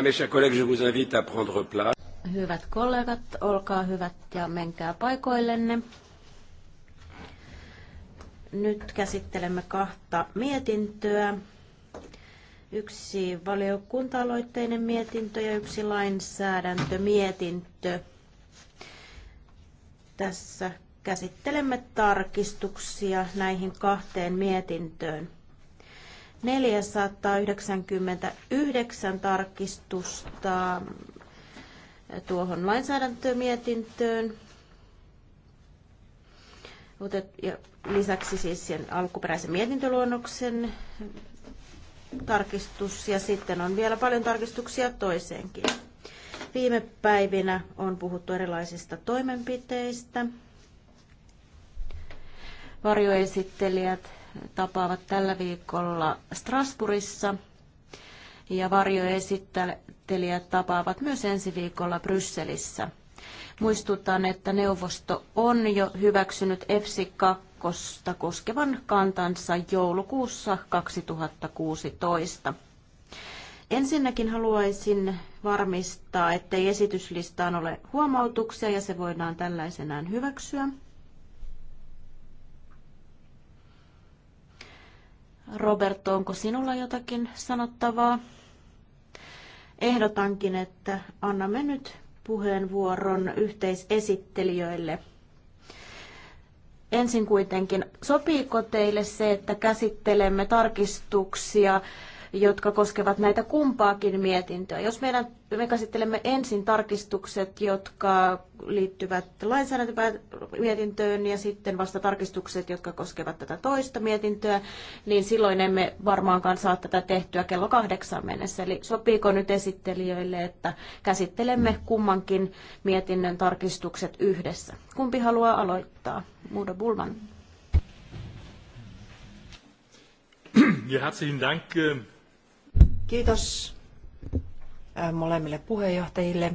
mes chers collègues, je vous invite à prendre place. Hyvät kollegat, olkaa hyvät ja menkää paikoillenne. Nyt käsittelemme kahta mietintöä. Yksi valiokunta-aloitteinen mietintö ja yksi lainsäädäntömietintö. Tässä käsittelemme tarkistuksia näihin kahteen mietintöön. 499 tarkistusta tuohon lainsäädäntömietintöön. Ja lisäksi siis sen alkuperäisen mietintöluonnoksen tarkistus ja sitten on vielä paljon tarkistuksia toiseenkin. Viime päivinä on puhuttu erilaisista toimenpiteistä. Varjoesittelijät tapaavat tällä viikolla Strasbourgissa ja varjoesittelijät tapaavat myös ensi viikolla Brysselissä. Muistutan, että neuvosto on jo hyväksynyt EFSI 2 koskevan kantansa joulukuussa 2016. Ensinnäkin haluaisin varmistaa, ettei esityslistaan ole huomautuksia ja se voidaan tällaisenään hyväksyä. Roberto, onko sinulla jotakin sanottavaa? Ehdotankin, että annamme nyt puheenvuoron yhteisesittelijöille. Ensin kuitenkin, sopiiko teille se, että käsittelemme tarkistuksia jotka koskevat näitä kumpaakin mietintöä. Jos meidän, me käsittelemme ensin tarkistukset, jotka liittyvät lainsäädäntömietintöön ja sitten vasta tarkistukset, jotka koskevat tätä toista mietintöä, niin silloin emme varmaankaan saa tätä tehtyä kello kahdeksan mennessä. Eli sopiiko nyt esittelijöille, että käsittelemme kummankin mietinnön tarkistukset yhdessä? Kumpi haluaa aloittaa? Muuda Bulman. Ja, herzlichen Dank. Äh, Kiitos molemmille puheenjohtajille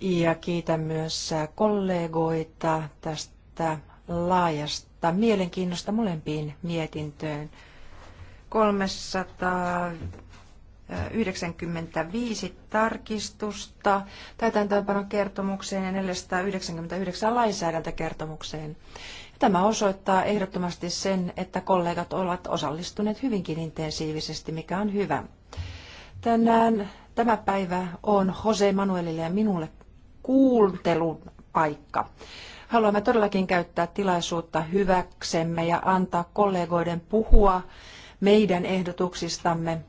ja kiitän myös kollegoita tästä laajasta mielenkiinnosta molempiin mietintöön. 395 tarkistusta täytäntöönpanon kertomukseen ja 499 lainsäädäntökertomukseen. Tämä osoittaa ehdottomasti sen, että kollegat ovat osallistuneet hyvinkin intensiivisesti, mikä on hyvä. Tänään tämä päivä on Jose Manuelille ja minulle kuuntelun paikka. Haluamme todellakin käyttää tilaisuutta hyväksemme ja antaa kollegoiden puhua meidän ehdotuksistamme.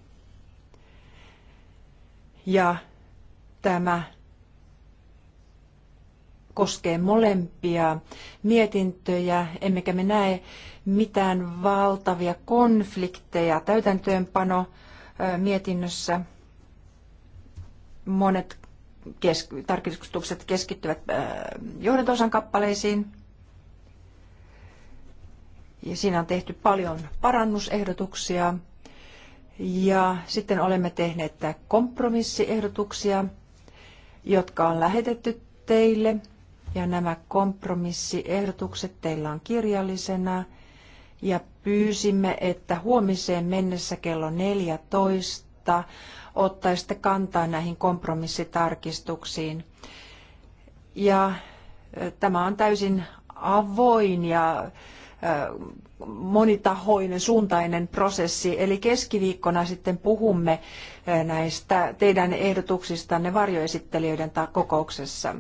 Ja tämä koskee molempia mietintöjä, emmekä me näe mitään valtavia konflikteja täytäntöönpano mietinnössä. Monet kesk- tarkistukset keskittyvät johdantosan kappaleisiin. Ja siinä on tehty paljon parannusehdotuksia. Ja sitten olemme tehneet kompromissiehdotuksia, jotka on lähetetty teille – ja nämä kompromissiehdotukset teillä on kirjallisena ja pyysimme, että huomiseen mennessä kello 14 ottaisitte kantaa näihin kompromissitarkistuksiin. Ja tämä on täysin avoin ja monitahoinen suuntainen prosessi. Eli keskiviikkona sitten puhumme näistä teidän ehdotuksistanne varjoesittelijöiden kokouksessa.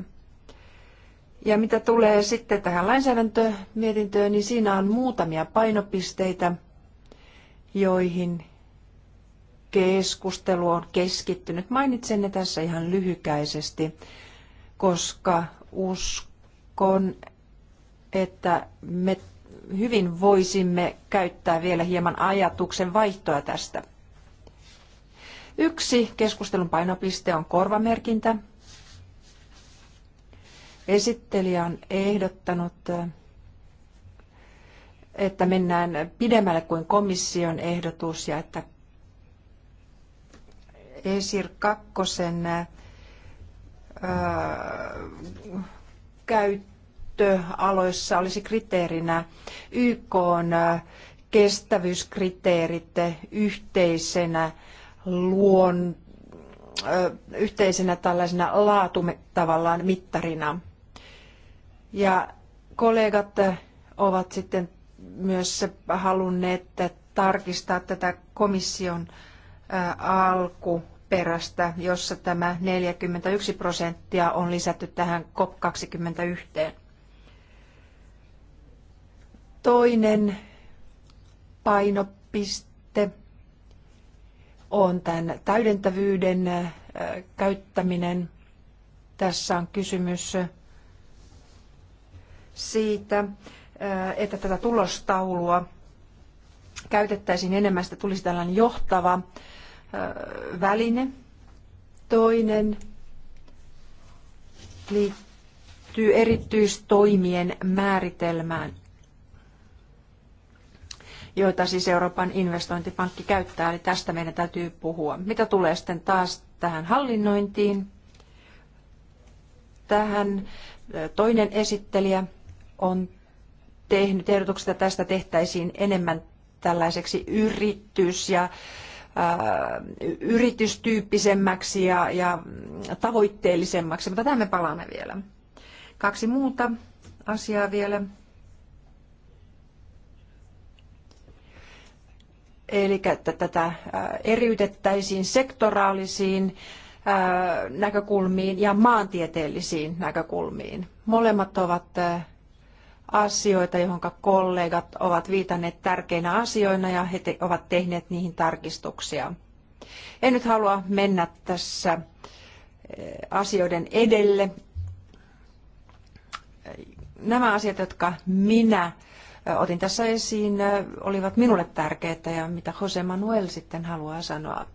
Ja mitä tulee sitten tähän lainsäädäntömietintöön, niin siinä on muutamia painopisteitä, joihin keskustelu on keskittynyt. Mainitsen ne tässä ihan lyhykäisesti, koska uskon, että me hyvin voisimme käyttää vielä hieman ajatuksen vaihtoa tästä. Yksi keskustelun painopiste on korvamerkintä, Esittelijä on ehdottanut, että mennään pidemmälle kuin komission ehdotus ja että ESIR 2 käyttöaloissa olisi kriteerinä YK on kestävyyskriteerit yhteisenä luon, yhteisenä tällaisena laatu tavallaan mittarina. Ja kollegat ovat sitten myös halunneet tarkistaa tätä komission alkuperästä, jossa tämä 41 prosenttia on lisätty tähän COP21. Toinen painopiste on tämän täydentävyyden käyttäminen. Tässä on kysymys siitä, että tätä tulostaulua käytettäisiin enemmän, sitä tulisi tällainen johtava väline. Toinen liittyy erityistoimien määritelmään, joita siis Euroopan investointipankki käyttää, eli tästä meidän täytyy puhua. Mitä tulee sitten taas tähän hallinnointiin? Tähän toinen esittelijä on tehnyt ehdotuksia, että tästä tehtäisiin enemmän tällaiseksi yritys ja ää, äh, yritystyyppisemmäksi ja, ja tavoitteellisemmaksi, mutta tähän me palaamme vielä. Kaksi muuta asiaa vielä. Eli että tätä äh, eriytettäisiin sektoraalisiin äh, näkökulmiin ja maantieteellisiin näkökulmiin. Molemmat ovat asioita, johon kollegat ovat viitanneet tärkeinä asioina ja he te ovat tehneet niihin tarkistuksia. En nyt halua mennä tässä eh, asioiden edelle. Nämä asiat, jotka minä eh, otin tässä esiin, eh, olivat minulle tärkeitä ja mitä Jose Manuel sitten haluaa sanoa.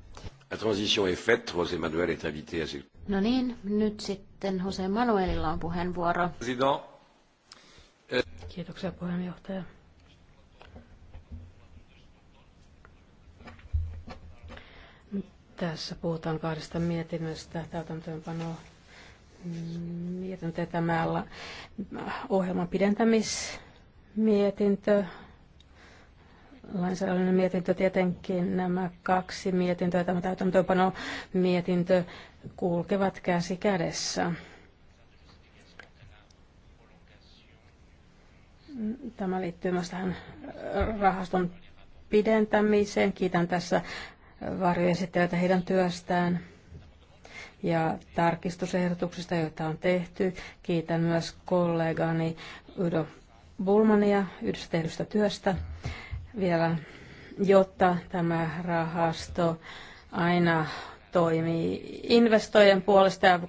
La transition est faite, José Manuel est invité à No niin, nyt sitten Jose Manuelilla on puheenvuoro. President. Kiitoksia puheenjohtaja. Tässä puhutaan kahdesta mietinnöstä täytäntöönpanoa mietintö tämä ohjelman pidentämismietintö, lainsäädännön mietintö tietenkin, nämä kaksi mietintöä, tämä täytäntöönpano mietintö kulkevat käsi kädessä. Tämä liittyy myös tähän rahaston pidentämiseen. Kiitän tässä varjoesittelijöitä heidän työstään ja tarkistusehdotuksista, joita on tehty. Kiitän myös kollegani Udo Bulmania yhdessä tehdystä työstä vielä, jotta tämä rahasto aina toimii investoijien puolesta ja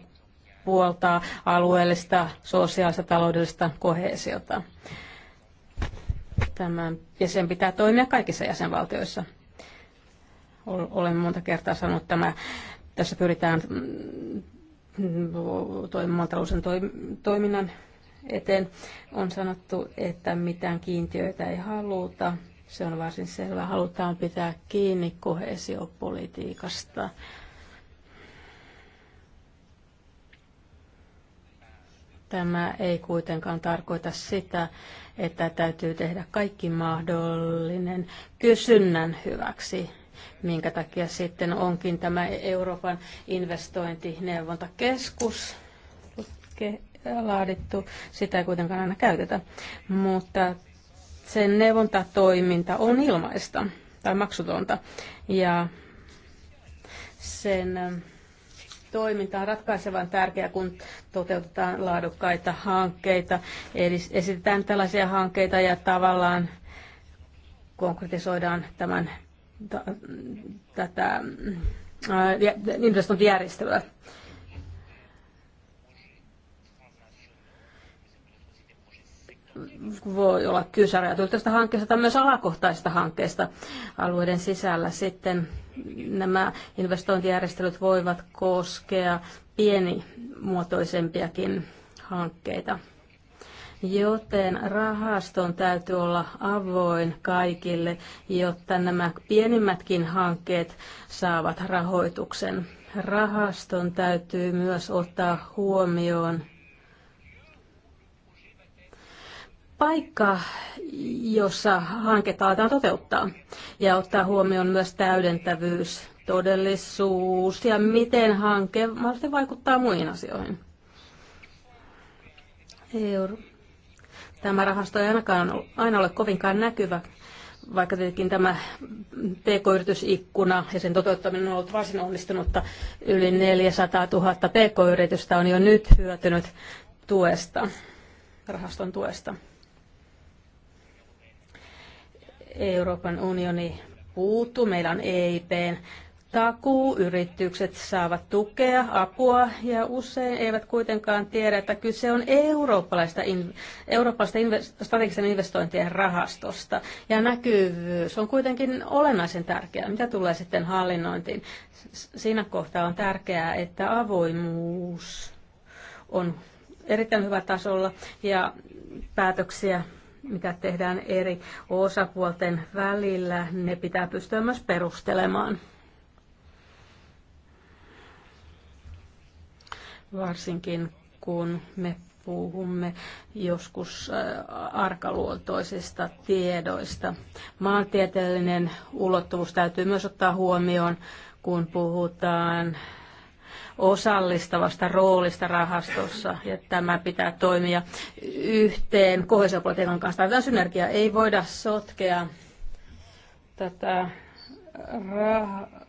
puoltaa alueellista, sosiaalista, taloudellista kohesiota. Tämän, ja sen pitää toimia kaikissa jäsenvaltioissa. Olen monta kertaa sanonut, että tässä pyritään mm, toimimaan talousen toiminnan eteen. On sanottu, että mitään kiintiöitä ei haluta. Se on varsin selvä. Halutaan pitää kiinni kohesiopolitiikasta. Tämä ei kuitenkaan tarkoita sitä, että täytyy tehdä kaikki mahdollinen kysynnän hyväksi, minkä takia sitten onkin tämä Euroopan investointineuvontakeskus laadittu. Sitä ei kuitenkaan aina käytetä, mutta sen neuvontatoiminta on ilmaista tai maksutonta ja sen toiminta on ratkaisevan tärkeää, kun toteutetaan laadukkaita hankkeita. Eli esitetään tällaisia hankkeita ja tavallaan konkretisoidaan tämän, t- tätä investointijärjestelyä. voi olla kyse rajatyöstä hankkeesta tai myös alakohtaisista hankkeista alueiden sisällä. Sitten nämä investointijärjestelyt voivat koskea pienimuotoisempiakin hankkeita. Joten rahaston täytyy olla avoin kaikille, jotta nämä pienimmätkin hankkeet saavat rahoituksen. Rahaston täytyy myös ottaa huomioon paikka, jossa hanketta aletaan toteuttaa ja ottaa huomioon myös täydentävyys, todellisuus ja miten hanke mahdollisesti vaikuttaa muihin asioihin. Euro. Tämä rahasto ei ainakaan aina ole kovinkaan näkyvä, vaikka tietenkin tämä pk-yritysikkuna ja sen toteuttaminen on ollut varsin onnistunutta. Yli 400 000 pk-yritystä on jo nyt hyötynyt tuesta, rahaston tuesta. Euroopan unioni puuttuu. Meillä on EIP, takuu, yritykset saavat tukea, apua ja usein eivät kuitenkaan tiedä, että kyse on eurooppalaista, in, eurooppalaista invest, strategisen investointien rahastosta. Ja näkyvyys on kuitenkin olennaisen tärkeää, mitä tulee sitten hallinnointiin. Siinä kohtaa on tärkeää, että avoimuus on erittäin hyvä tasolla ja päätöksiä mitä tehdään eri osapuolten välillä, ne pitää pystyä myös perustelemaan. Varsinkin kun me puhumme joskus äh, arkaluontoisista tiedoista. Maantieteellinen ulottuvuus täytyy myös ottaa huomioon, kun puhutaan osallistavasta roolista rahastossa ja tämä pitää toimia yhteen kohesiopolitiikan kanssa. Tämä synergia ei voida sotkea tätä rah-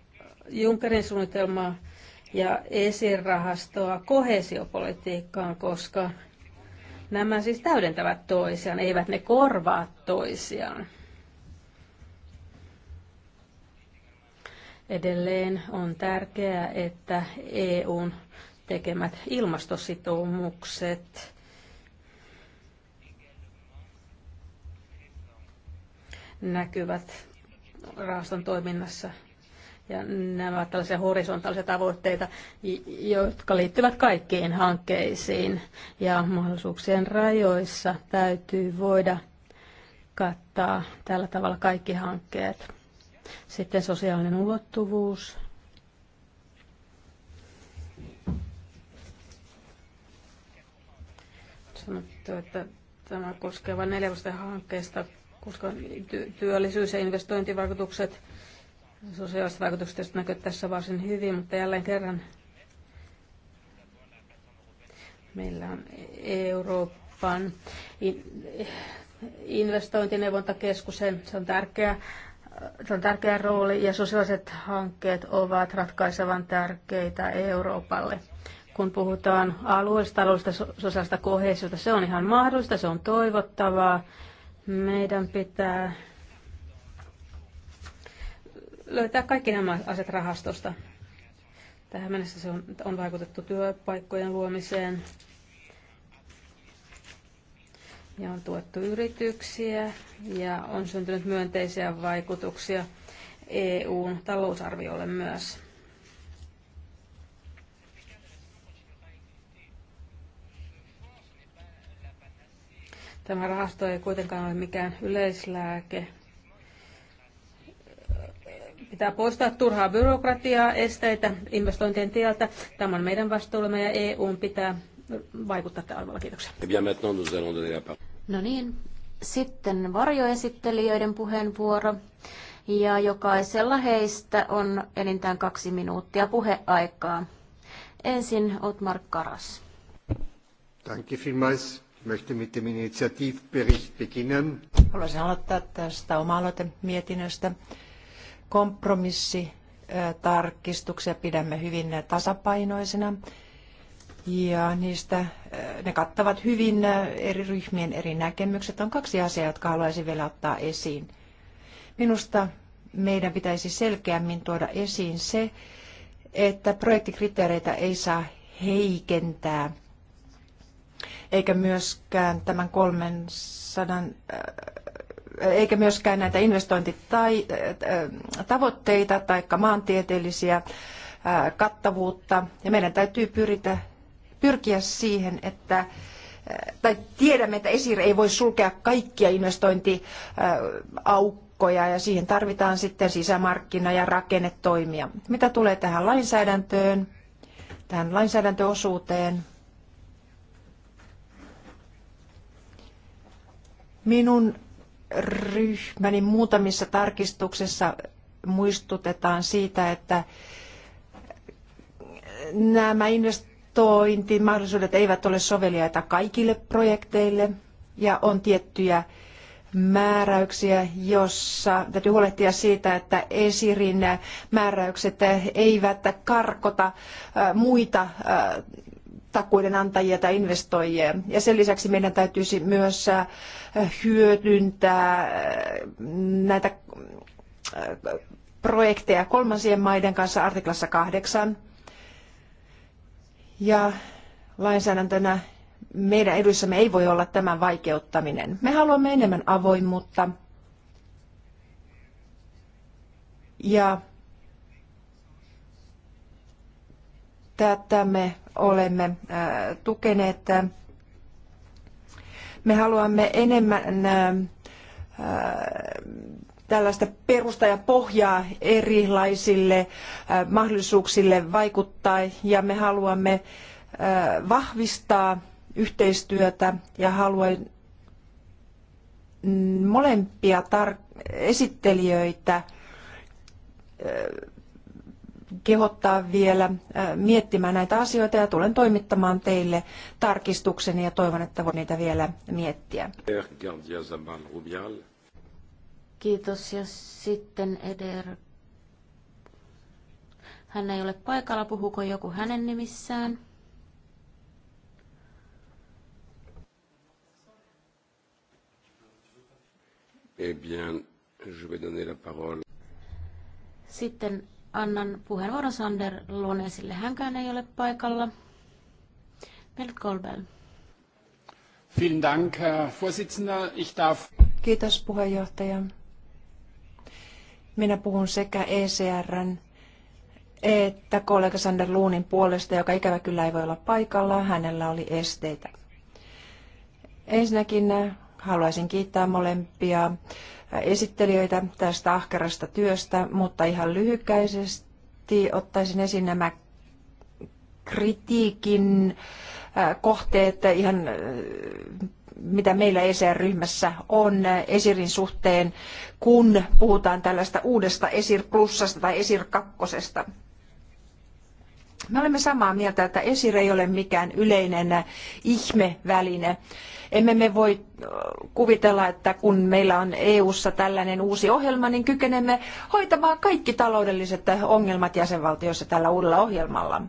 Junckerin suunnitelmaa ja esirahastoa kohesiopolitiikkaan, koska nämä siis täydentävät toisiaan, eivät ne korvaa toisiaan. Edelleen on tärkeää, että EUn tekemät ilmastositoumukset näkyvät rahaston toiminnassa. Ja nämä ovat tällaisia horisontaalisia tavoitteita, jotka liittyvät kaikkiin hankkeisiin. Ja mahdollisuuksien rajoissa täytyy voida kattaa tällä tavalla kaikki hankkeet. Sitten sosiaalinen ulottuvuus. Sanottu, että tämä koskee vain neljä hankkeesta, koska työllisyys- ja investointivaikutukset, sosiaaliset vaikutukset näkyvät tässä varsin hyvin, mutta jälleen kerran meillä on Euroopan investointineuvontakeskus, se on tärkeä on tärkeä rooli ja sosiaaliset hankkeet ovat ratkaisevan tärkeitä Euroopalle. Kun puhutaan alueellista, taloudellisesta, sosiaalista kohesiota, se on ihan mahdollista, se on toivottavaa. Meidän pitää löytää kaikki nämä aset rahastosta. Tähän mennessä se on, on vaikutettu työpaikkojen luomiseen, ja on tuettu yrityksiä ja on syntynyt myönteisiä vaikutuksia EUn talousarviolle myös. Tämä rahasto ei kuitenkaan ole mikään yleislääke. Pitää poistaa turhaa byrokratiaa, esteitä investointien tieltä. Tämä on meidän vastuullamme ja EUn pitää vaikuttaa tällä alueella. Kiitoksia. Eh No niin, sitten varjoesittelijöiden puheenvuoro. Ja jokaisella heistä on enintään kaksi minuuttia puheaikaa. Ensin Otmar Karas. Danke vielmals. möchte mit dem Initiativbericht beginnen. Haluaisin aloittaa tästä oma mietinnöstä. Kompromissi tarkistuksia pidämme hyvin tasapainoisena ja niistä eh, ne kattavat hyvin eh, eri ryhmien eri näkemykset. On kaksi asiaa, jotka haluaisin vielä ottaa esiin. Minusta meidän pitäisi selkeämmin tuoda esiin se, että projektikriteereitä ei saa heikentää, eikä myöskään tämän 300 eh, eikä myöskään näitä investointitavoitteita tai maantieteellisiä kattavuutta. Ja meidän täytyy pyritä pyrkiä siihen, että tai tiedämme, että Esir ei voi sulkea kaikkia investointiaukkoja ja siihen tarvitaan sitten sisämarkkina- ja rakennetoimia. Mitä tulee tähän lainsäädäntöön, tähän lainsäädäntöosuuteen, minun ryhmäni muutamissa tarkistuksissa muistutetaan siitä, että nämä investoinnit investointimahdollisuudet eivät ole soveliaita kaikille projekteille ja on tiettyjä määräyksiä, jossa täytyy huolehtia siitä, että esirin määräykset eivät karkota äh, muita äh, takuiden antajia tai investoijia. Ja sen lisäksi meidän täytyisi myös äh, hyödyntää näitä projekteja kolmansien maiden kanssa artiklassa kahdeksan ja lainsäädäntönä meidän edussamme ei voi olla tämän vaikeuttaminen. Me haluamme enemmän avoimuutta. Ja tätä me olemme äh, tukeneet. Me haluamme enemmän äh, tällaista perusta ja pohjaa erilaisille äh, mahdollisuuksille vaikuttaa ja me haluamme äh, vahvistaa yhteistyötä ja haluan mm, molempia esittelijöitä äh, kehottaa vielä miettimään näitä asioita ja tulen toimittamaan teille tarkistukseni ja toivon, että voin niitä vielä miettiä. Kiitos. Ja sitten Eder. Hän ei ole paikalla. Puhuuko joku hänen nimissään? Eh bien, je vais donner la parole. Sitten annan puheenvuoron Sander Lonesille. Hänkään ei ole paikalla. Bernd Kolbel. Vielen Dank, Herr Vorsitzender. Ich darf... Kiitos puheenjohtaja. Minä puhun sekä ECRn että kollega Sander Luunin puolesta, joka ikävä kyllä ei voi olla paikalla. Hänellä oli esteitä. Ensinnäkin haluaisin kiittää molempia esittelijöitä tästä ahkerasta työstä, mutta ihan lyhykäisesti ottaisin esiin nämä kritiikin äh, kohteet ihan äh, mitä meillä ECR-ryhmässä on Esirin suhteen, kun puhutaan tällaista uudesta Esir plussasta tai Esir kakkosesta. Me olemme samaa mieltä, että Esir ei ole mikään yleinen ihmeväline. Emme me voi kuvitella, että kun meillä on EU:ssa tällainen uusi ohjelma, niin kykenemme hoitamaan kaikki taloudelliset ongelmat jäsenvaltioissa tällä uudella ohjelmalla.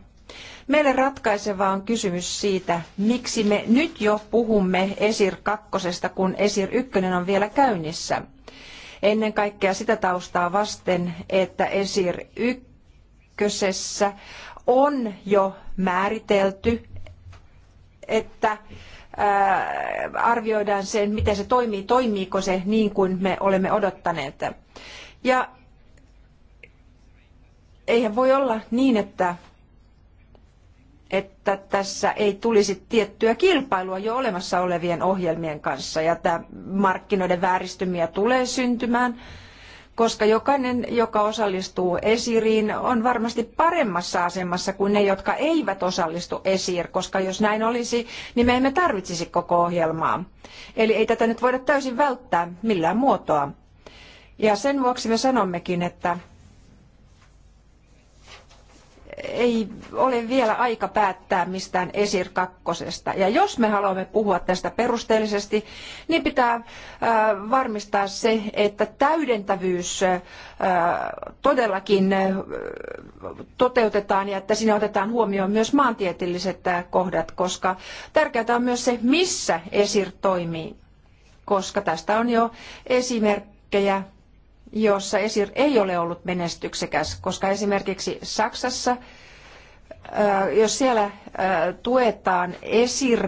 Meille ratkaiseva on kysymys siitä, miksi me nyt jo puhumme ESIR kakkosesta, kun ESIR ykkönen on vielä käynnissä. Ennen kaikkea sitä taustaa vasten, että ESIR ykkösessä on jo määritelty, että äh, arvioidaan sen, miten se toimii, toimiiko se niin kuin me olemme odottaneet. Ja eihän voi olla niin, että että tässä ei tulisi tiettyä kilpailua jo olemassa olevien ohjelmien kanssa ja että markkinoiden vääristymiä tulee syntymään, koska jokainen, joka osallistuu esiriin, on varmasti paremmassa asemassa kuin ne, jotka eivät osallistu esir, koska jos näin olisi, niin me emme tarvitsisi koko ohjelmaa. Eli ei tätä nyt voida täysin välttää millään muotoa. Ja sen vuoksi me sanommekin, että ei ole vielä aika päättää mistään ESIR kakkosesta. Ja jos me haluamme puhua tästä perusteellisesti, niin pitää äh, varmistaa se, että täydentävyys äh, todellakin äh, toteutetaan ja että siinä otetaan huomioon myös maantieteelliset kohdat, koska tärkeää on myös se, missä ESIR toimii, koska tästä on jo esimerkkejä jossa ESIR ei ole ollut menestyksekäs, koska esimerkiksi Saksassa, jos siellä tuetaan ESIR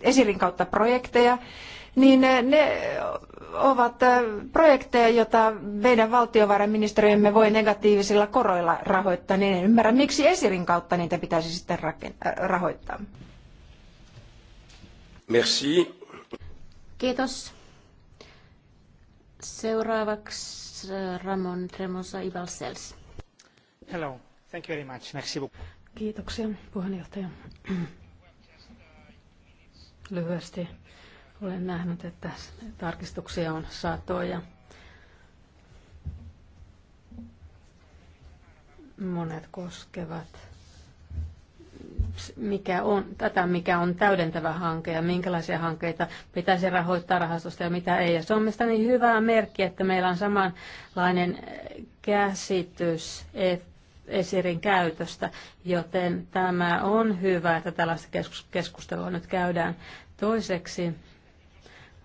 ESIRin kautta projekteja, niin ne ovat projekteja, joita meidän valtiovarainministeriömme voi negatiivisilla koroilla rahoittaa, niin en ymmärrä, miksi ESIRin kautta niitä pitäisi sitten rahoittaa. Merci. Kiitos. Seuraavaksi äh, Ramon Tremosa Ibalsels. Hello. Thank you very much. Merci beaucoup. Kiitoksia puheenjohtaja. Lyhyesti olen nähnyt, että tarkistuksia on satoja. Monet koskevat mikä on, tätä, mikä on täydentävä hanke ja minkälaisia hankkeita pitäisi rahoittaa rahastosta ja mitä ei. Ja se on mielestäni niin hyvä merkki, että meillä on samanlainen käsitys esirin käytöstä, joten tämä on hyvä, että tällaista keskustelua nyt käydään. Toiseksi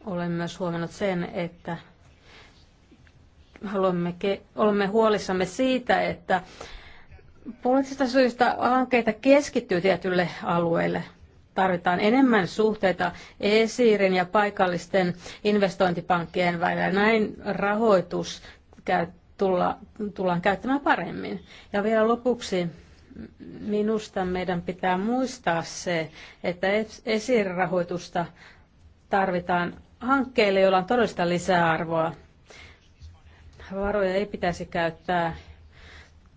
olen myös huomannut sen, että haluamme, olemme huolissamme siitä, että Poliittisista syistä hankkeita keskittyy tietylle alueelle. Tarvitaan enemmän suhteita esiirin ja paikallisten investointipankkien välillä. Näin rahoitus käy, tulla, tullaan käyttämään paremmin. Ja vielä lopuksi minusta meidän pitää muistaa se, että esirahoitusta tarvitaan hankkeille, joilla on todellista lisäarvoa. Varoja ei pitäisi käyttää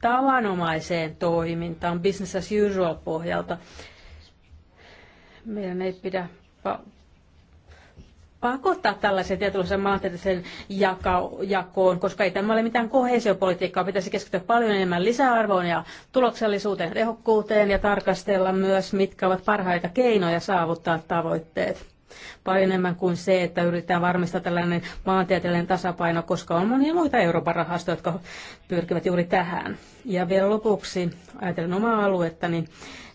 tavanomaiseen toimintaan business as usual pohjalta. Meidän ei pidä pa- pakottaa tällaisen tietynlaisen maantieteellisen jakoon, koska ei tämä ole mitään kohesiopolitiikkaa. Pitäisi keskittyä paljon enemmän lisäarvoon ja tuloksellisuuteen, tehokkuuteen ja tarkastella myös, mitkä ovat parhaita keinoja saavuttaa tavoitteet paljon enemmän kuin se, että yritetään varmistaa tällainen maantieteellinen tasapaino, koska on monia muita Euroopan rahastoja, jotka pyrkivät juuri tähän. Ja vielä lopuksi, ajatellen omaa aluetta, niin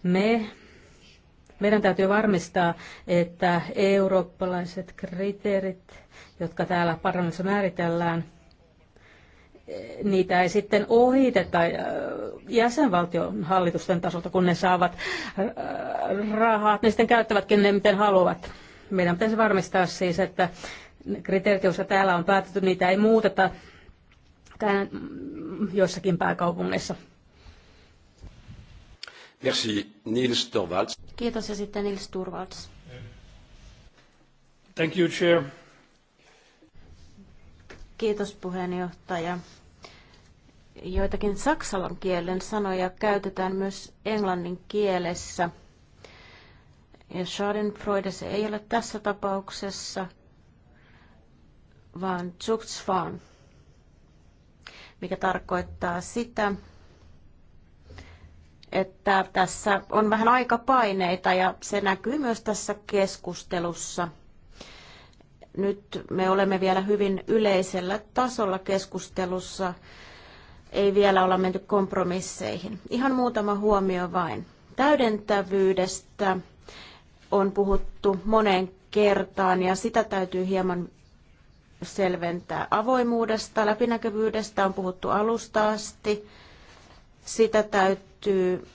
me meidän täytyy varmistaa, että eurooppalaiset kriteerit, jotka täällä parlamentissa määritellään, niitä ei sitten ohiteta äh, jäsenvaltion hallitusten tasolta, kun ne saavat äh, rahat, ne sitten käyttävätkin ne miten haluavat. Meidän pitäisi varmistaa siis, että kriteerit, joissa täällä on päätetty, niitä ei muuteta tämän joissakin pääkaupungeissa. Merci. Nils Torvalds. Kiitos ja sitten Nils Torvalds. Thank you, Chair. Kiitos puheenjohtaja. Joitakin saksalan kielen sanoja käytetään myös englannin kielessä – ja Schadenfreude se ei ole tässä tapauksessa, vaan Zugzwang, mikä tarkoittaa sitä, että tässä on vähän aika paineita ja se näkyy myös tässä keskustelussa. Nyt me olemme vielä hyvin yleisellä tasolla keskustelussa, ei vielä olla menty kompromisseihin. Ihan muutama huomio vain. Täydentävyydestä on puhuttu moneen kertaan ja sitä täytyy hieman selventää. Avoimuudesta, läpinäkyvyydestä on puhuttu alusta asti. Sitä täytyy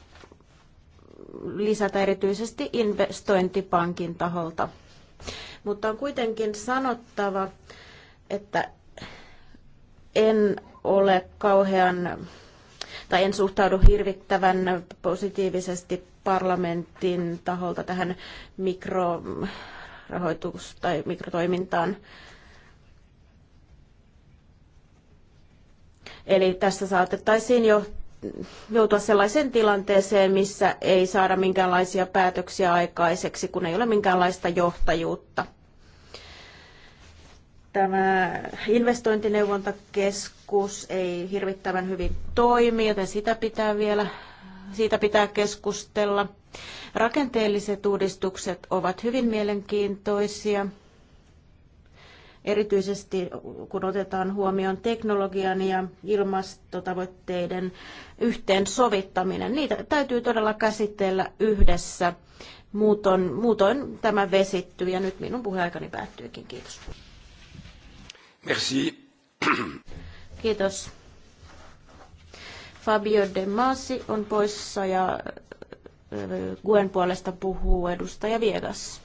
lisätä erityisesti investointipankin taholta. Mutta on kuitenkin sanottava, että en ole kauhean tai en suhtaudu hirvittävän positiivisesti parlamentin taholta tähän mikrorahoitus- tai mikrotoimintaan. Eli tässä saatettaisiin jo joutua sellaiseen tilanteeseen, missä ei saada minkäänlaisia päätöksiä aikaiseksi, kun ei ole minkäänlaista johtajuutta. Tämä investointineuvontakeskus ei hirvittävän hyvin toimi, joten sitä pitää vielä, siitä pitää keskustella. Rakenteelliset uudistukset ovat hyvin mielenkiintoisia, erityisesti kun otetaan huomioon teknologian ja ilmastotavoitteiden yhteensovittaminen. Niitä täytyy todella käsitellä yhdessä. Muutoin, muutoin tämä vesittyy ja nyt minun puheaikani päättyykin. Kiitos. Kiitos. Fabio De Masi on poissa ja äh, Guen puolesta puhuu edustaja Viegas.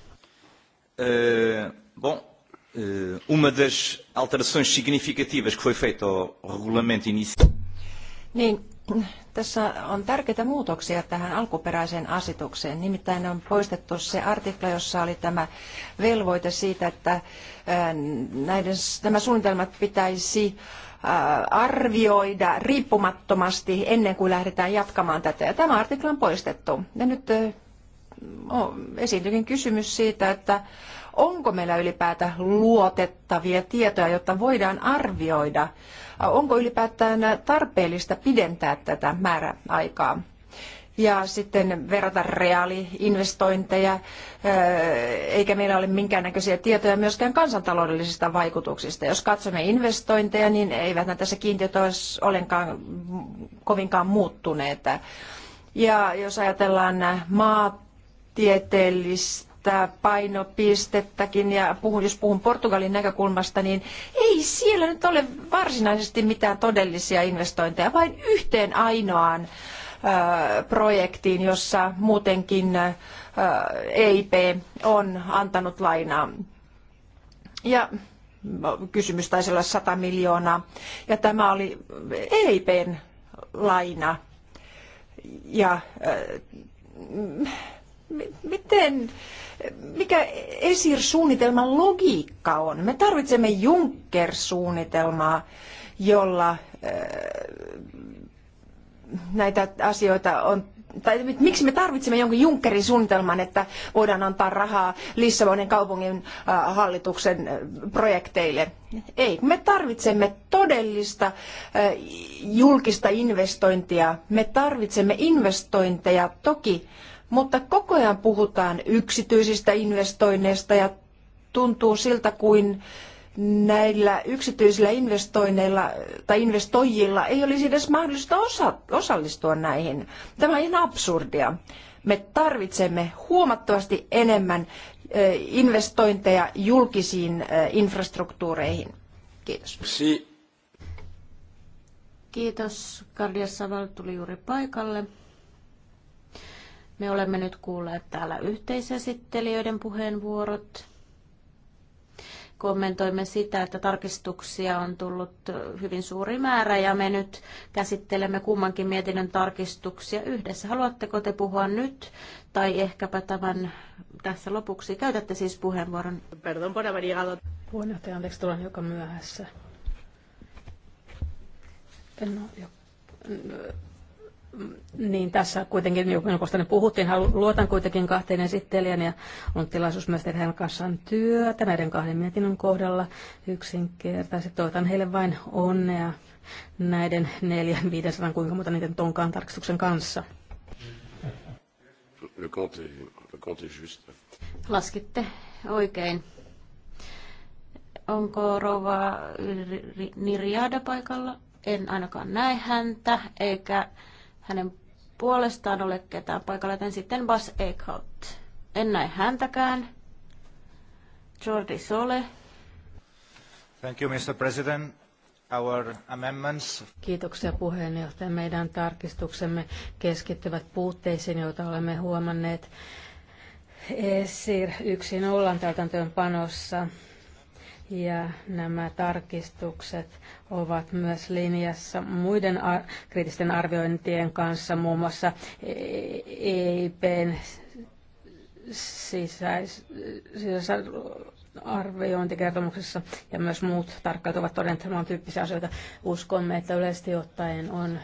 Eh, bon, eh, uma das alterações significativas que foi feita ao regulamento inicial. Niin, tässä on tärkeitä muutoksia tähän alkuperäiseen asetukseen. Nimittäin on poistettu se artikla, jossa oli tämä velvoite siitä, että näiden, nämä suunnitelmat pitäisi arvioida riippumattomasti ennen kuin lähdetään jatkamaan tätä. Ja tämä artikla on poistettu. Ja nyt esiintyikin kysymys siitä, että onko meillä ylipäätään luotettavia tietoja, jotta voidaan arvioida, onko ylipäätään tarpeellista pidentää tätä määräaikaa. Ja sitten verrata reaaliinvestointeja, eh, eikä meillä ole minkäännäköisiä tietoja myöskään kansantaloudellisista vaikutuksista. Jos katsomme investointeja, niin eivät nämä tässä kiintiöt ole olenkaan kovinkaan muuttuneet. Ja jos ajatellaan maatieteellistä painopistettäkin ja puhun, jos puhun Portugalin näkökulmasta, niin ei siellä nyt ole varsinaisesti mitään todellisia investointeja, vain yhteen ainoaan projektiin, jossa muutenkin EIP on antanut lainaa. Ja kysymys taisi olla 100 miljoonaa. Ja tämä oli EIPn laina. Ja miten, mikä ESIR-suunnitelman logiikka on? Me tarvitsemme junker suunnitelmaa jolla äh, näitä asioita on tai miksi me tarvitsemme jonkin Junckerin suunnitelman, että voidaan antaa rahaa Lissabonin kaupungin äh, hallituksen äh, projekteille? Ei, me tarvitsemme todellista julkista investointia. Me tarvitsemme investointeja toki äh, mutta koko ajan puhutaan yksityisistä investoinneista ja tuntuu siltä kuin näillä yksityisillä investoinneilla tai investoijilla ei olisi edes mahdollista osa, osallistua näihin. Tämä on ihan absurdia. Me tarvitsemme huomattavasti enemmän investointeja julkisiin infrastruktuureihin. Kiitos. Si. Kiitos. Kardia Saval tuli juuri paikalle. Me olemme nyt kuulleet täällä yhteisesittelijöiden puheenvuorot. Kommentoimme sitä, että tarkistuksia on tullut hyvin suuri määrä ja me nyt käsittelemme kummankin mietinnön tarkistuksia yhdessä. Haluatteko te puhua nyt tai ehkäpä tämän tässä lopuksi? Käytätte siis puheenvuoron. Perdón por haber llegado. Puheenjohtaja, anteeksi, tulen joka myöhässä. No, jo niin tässä kuitenkin, josta niin ne puhuttiin, luotan kuitenkin kahteen esittelijän ja on tilaisuus myös tehdä heidän kanssaan työtä näiden kahden mietinnön kohdalla yksinkertaisesti. Toivotan heille vain onnea näiden neljän, 500 kuinka muuta niiden tonkaan tarkistuksen kanssa. Laskitte oikein. Onko rouva Niriada paikalla? En ainakaan näe häntä, eikä hänen puolestaan ole ketään paikalla, joten sitten Bas Eichhout. En näe häntäkään. Jordi Sole. Thank you, Mr. President. Our amendments. Kiitoksia puheenjohtaja. Meidän tarkistuksemme keskittyvät puutteisiin, joita olemme huomanneet ESIR 1.0 täytäntöönpanossa. panossa ja nämä tarkistukset ovat myös linjassa muiden ar- kriittisten arviointien kanssa, muun muassa EIPn sisäis- sisäis- arviointikertomuksessa ja myös muut tarkkailijat ovat todenneet tyyppisiä asioita. Uskomme, että yleisesti ottaen on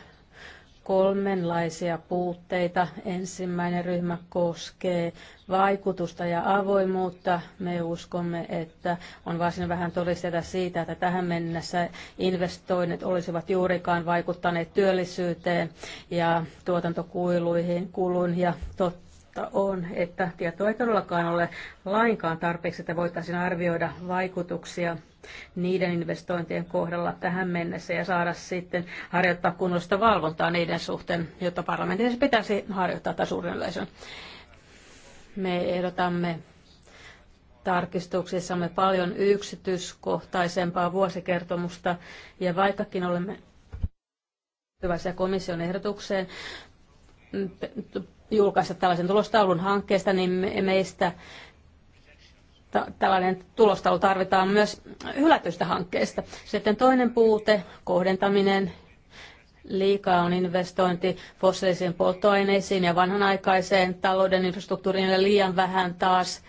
kolmenlaisia puutteita. Ensimmäinen ryhmä koskee vaikutusta ja avoimuutta. Me uskomme, että on varsin vähän todisteita siitä, että tähän mennessä investoinnit olisivat juurikaan vaikuttaneet työllisyyteen ja tuotantokuiluihin, kulun ja totta on, että tietoa ei todellakaan ole lainkaan tarpeeksi, että voitaisiin arvioida vaikutuksia niiden investointien kohdalla tähän mennessä ja saada sitten harjoittaa kunnollista valvontaa niiden suhteen, jotta parlamentissa pitäisi harjoittaa tätä suuren yleisön. Me ehdotamme tarkistuksissamme paljon yksityiskohtaisempaa vuosikertomusta ja vaikkakin olemme tyytyväisiä komission ehdotukseen julkaista tällaisen tulostaulun hankkeesta, niin meistä tällainen tulostalo tarvitaan myös hylätyistä hankkeista. Sitten toinen puute, kohdentaminen, liikaa on investointi fossiilisiin polttoaineisiin ja vanhanaikaiseen talouden infrastruktuuriin ja liian vähän taas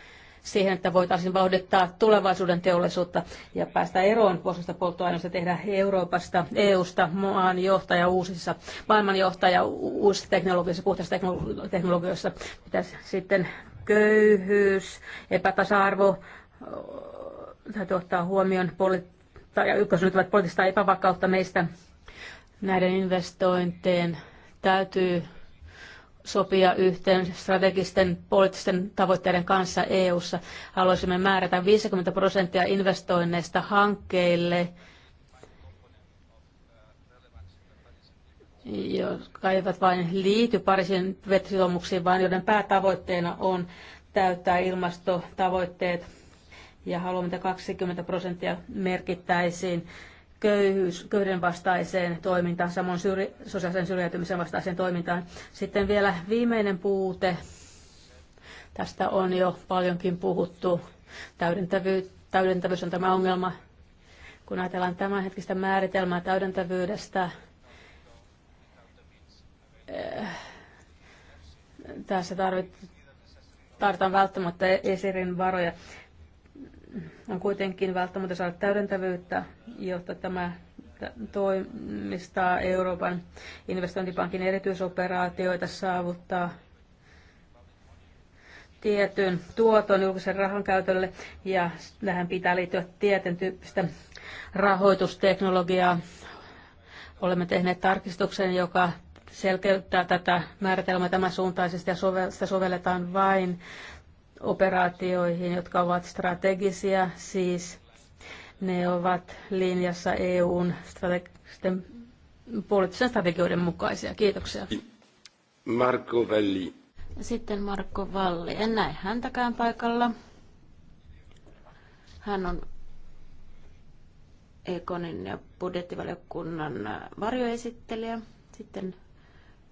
siihen, että voitaisiin vauhdittaa tulevaisuuden teollisuutta ja päästä eroon fossiilista polttoaineista, tehdä Euroopasta, EUsta maan johtaja uusissa, maailman johtaja uusissa teknologioissa, puhtaissa teknologioissa. Pitäisi sitten köyhyys, epätasa-arvo täytyy ottaa huomioon, ja jotka poliittista epävakautta meistä näiden investointeen täytyy sopia yhteen strategisten poliittisten tavoitteiden kanssa EU:ssa. Haluaisimme määrätä 50 prosenttia investoinneista hankkeille, jotka eivät vain liity Pariisin vetisitoumuksiin, vaan joiden päätavoitteena on täyttää ilmastotavoitteet ja haluamme, että 20 prosenttia merkittäisiin köyhyys, köyden vastaiseen toimintaan, samoin syrj- sosiaalisen syrjäytymisen vastaiseen toimintaan. Sitten vielä viimeinen puute. Tästä on jo paljonkin puhuttu. Täydentävy- täydentävyys on tämä ongelma. Kun ajatellaan tämänhetkistä määritelmää täydentävyydestä, Äh, tässä tarvitaan tarvitaan välttämättä esirin varoja. On kuitenkin välttämättä saada täydentävyyttä, jotta tämä toimistaa Euroopan investointipankin erityisoperaatioita saavuttaa tietyn tuoton julkisen rahan käytölle ja tähän pitää liittyä tietyn tyyppistä rahoitusteknologiaa. Olemme tehneet tarkistuksen, joka selkeyttää tätä määritelmää tämän suuntaisesti ja sovel- sitä sovelletaan vain operaatioihin, jotka ovat strategisia, siis ne ovat linjassa EUn strate- poliittisen strategioiden mukaisia. Kiitoksia. Marko Valli. Sitten Marko Valli. En näe häntäkään paikalla. Hän on Ekonin ja budjettivaliokunnan varjoesittelijä. Sitten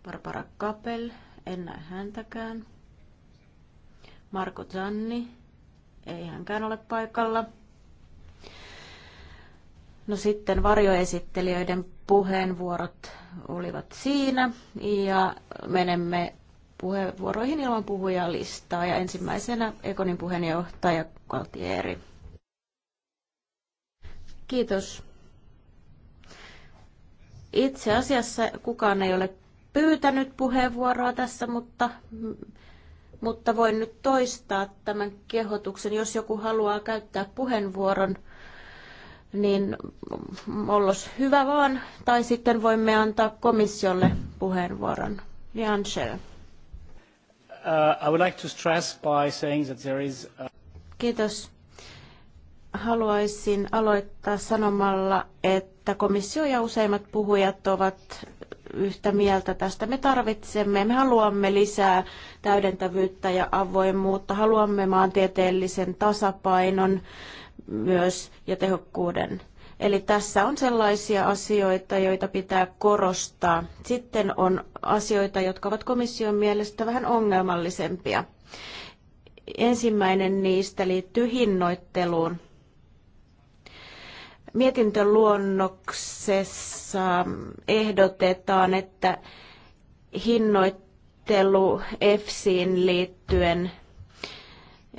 Barbara Kapel, en näe häntäkään. Marko Zanni, ei hänkään ole paikalla. No sitten varjoesittelijöiden puheenvuorot olivat siinä ja menemme puheenvuoroihin ilman puhujalistaa ja ensimmäisenä Ekonin puheenjohtaja Kaltieri. Kiitos. Itse asiassa kukaan ei ole pyytänyt puheenvuoroa tässä, mutta, mutta voin nyt toistaa tämän kehotuksen. Jos joku haluaa käyttää puheenvuoron, niin ollos hyvä vaan, tai sitten voimme antaa komissiolle puheenvuoron. Jan Uh, I would like to stress by saying that there is a... Kiitos. Haluaisin aloittaa sanomalla, että komissio ja useimmat puhujat ovat yhtä mieltä tästä. Me tarvitsemme, me haluamme lisää täydentävyyttä ja avoimuutta, haluamme maantieteellisen tasapainon myös ja tehokkuuden. Eli tässä on sellaisia asioita, joita pitää korostaa. Sitten on asioita, jotka ovat komission mielestä vähän ongelmallisempia. Ensimmäinen niistä liittyy hinnoitteluun. Mietintöluonnoksessa ehdotetaan, että hinnoittelu EFSIin liittyen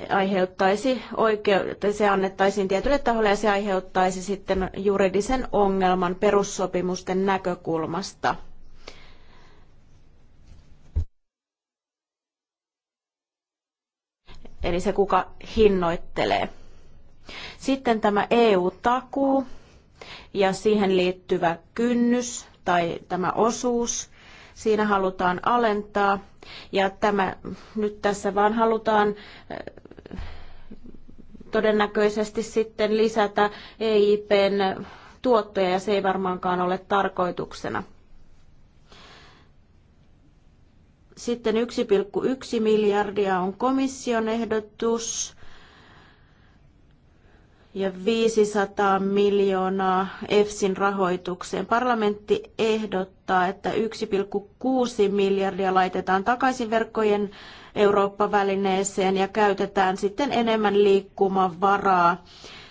aiheuttaisi oikeutta, se annettaisiin tietylle taholle ja se aiheuttaisi sitten juridisen ongelman perussopimusten näkökulmasta. Eli se, kuka hinnoittelee. Sitten tämä EU-takuu ja siihen liittyvä kynnys tai tämä osuus. Siinä halutaan alentaa ja tämä nyt tässä vaan halutaan eh, todennäköisesti sitten lisätä EIPn tuottoja ja se ei varmaankaan ole tarkoituksena. Sitten 1,1 miljardia on komission ehdotus ja 500 miljoonaa EFSin rahoitukseen. Parlamentti ehdottaa, että 1,6 miljardia laitetaan takaisin verkkojen Eurooppa-välineeseen ja käytetään sitten enemmän liikkumavaraa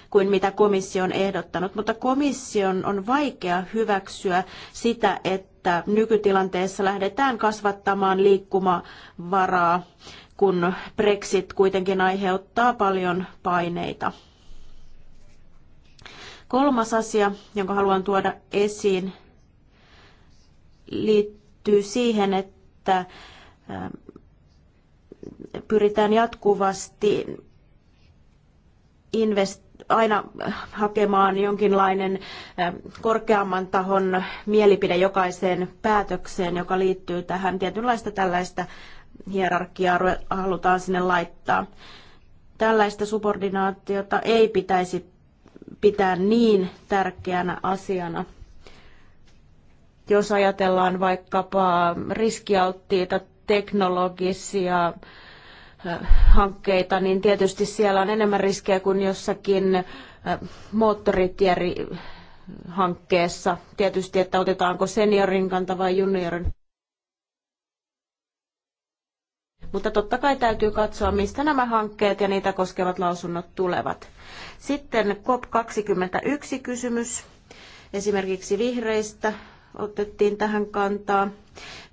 kuin mitä komissio on ehdottanut. Mutta komission on vaikea hyväksyä sitä, että nykytilanteessa lähdetään kasvattamaan liikkumavaraa, kun Brexit kuitenkin aiheuttaa paljon paineita. Kolmas asia, jonka haluan tuoda esiin, liittyy siihen, että ähm, pyritään jatkuvasti invest- aina hakemaan jonkinlainen ähm, korkeamman tahon mielipide jokaiseen päätökseen, joka liittyy tähän tietynlaista tällaista hierarkiaa halutaan sinne laittaa. Tällaista subordinaatiota ei pitäisi pitää niin tärkeänä asiana. Jos ajatellaan vaikkapa riskialttiita teknologisia äh, hankkeita, niin tietysti siellä on enemmän riskejä kuin jossakin äh, moottoritierihankkeessa. Tietysti, että otetaanko seniorin kanta vai juniorin. Mutta totta kai täytyy katsoa, mistä nämä hankkeet ja niitä koskevat lausunnot tulevat. Sitten COP21 kysymys. Esimerkiksi vihreistä otettiin tähän kantaa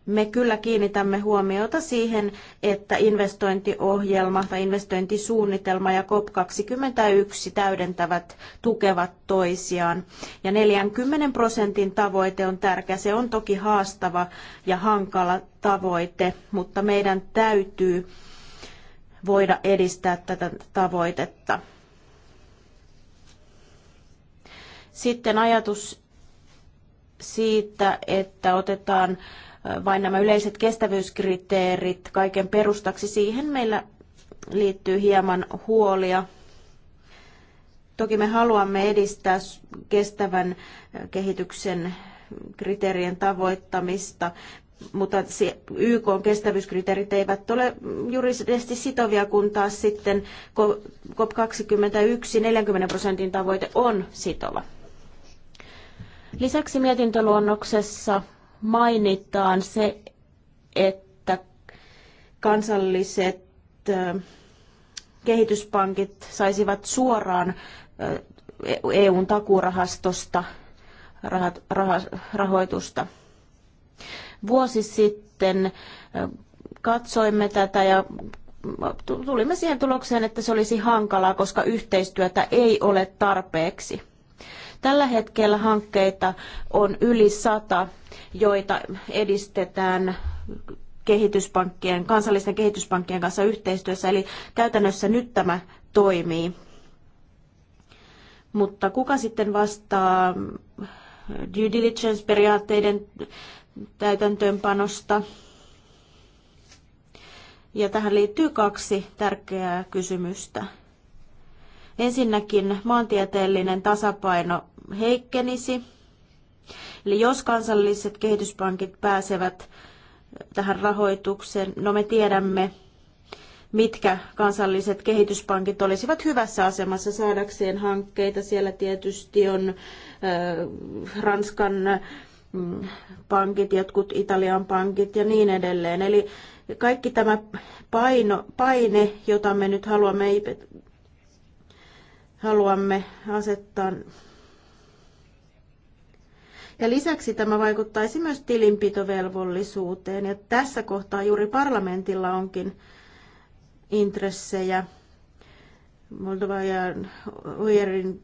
me kyllä kiinnitämme huomiota siihen, että investointiohjelma tai investointisuunnitelma ja COP21 täydentävät, tukevat toisiaan. Ja 40 prosentin tavoite on tärkeä. Se on toki haastava ja hankala tavoite, mutta meidän täytyy voida edistää tätä tavoitetta. Sitten ajatus siitä, että otetaan vain nämä yleiset kestävyyskriteerit kaiken perustaksi. Siihen meillä liittyy hieman huolia. Toki me haluamme edistää kestävän kehityksen kriteerien tavoittamista, mutta YK kestävyyskriteerit eivät ole juridisesti sitovia, kun taas sitten COP21 40 prosentin tavoite on sitova. Lisäksi mietintöluonnoksessa mainitaan se, että kansalliset kehityspankit saisivat suoraan EUn takurahastosta rahoitusta. Vuosi sitten katsoimme tätä ja tulimme siihen tulokseen, että se olisi hankalaa, koska yhteistyötä ei ole tarpeeksi. Tällä hetkellä hankkeita on yli sata, joita edistetään kehityspankkien, kansallisten kehityspankkien kanssa yhteistyössä, eli käytännössä nyt tämä toimii. Mutta kuka sitten vastaa due diligence-periaatteiden täytäntöönpanosta? Ja tähän liittyy kaksi tärkeää kysymystä. Ensinnäkin maantieteellinen tasapaino heikkenisi. Eli jos kansalliset kehityspankit pääsevät tähän rahoitukseen, no me tiedämme, mitkä kansalliset kehityspankit olisivat hyvässä asemassa saadakseen hankkeita. Siellä tietysti on Ranskan mm, pankit, jotkut Italian pankit ja niin edelleen. Eli kaikki tämä paino, paine, jota me nyt haluamme, haluamme asettaa ja lisäksi tämä vaikuttaisi myös tilinpitovelvollisuuteen. Ja tässä kohtaa juuri parlamentilla onkin intressejä. Moldova ja Ujerin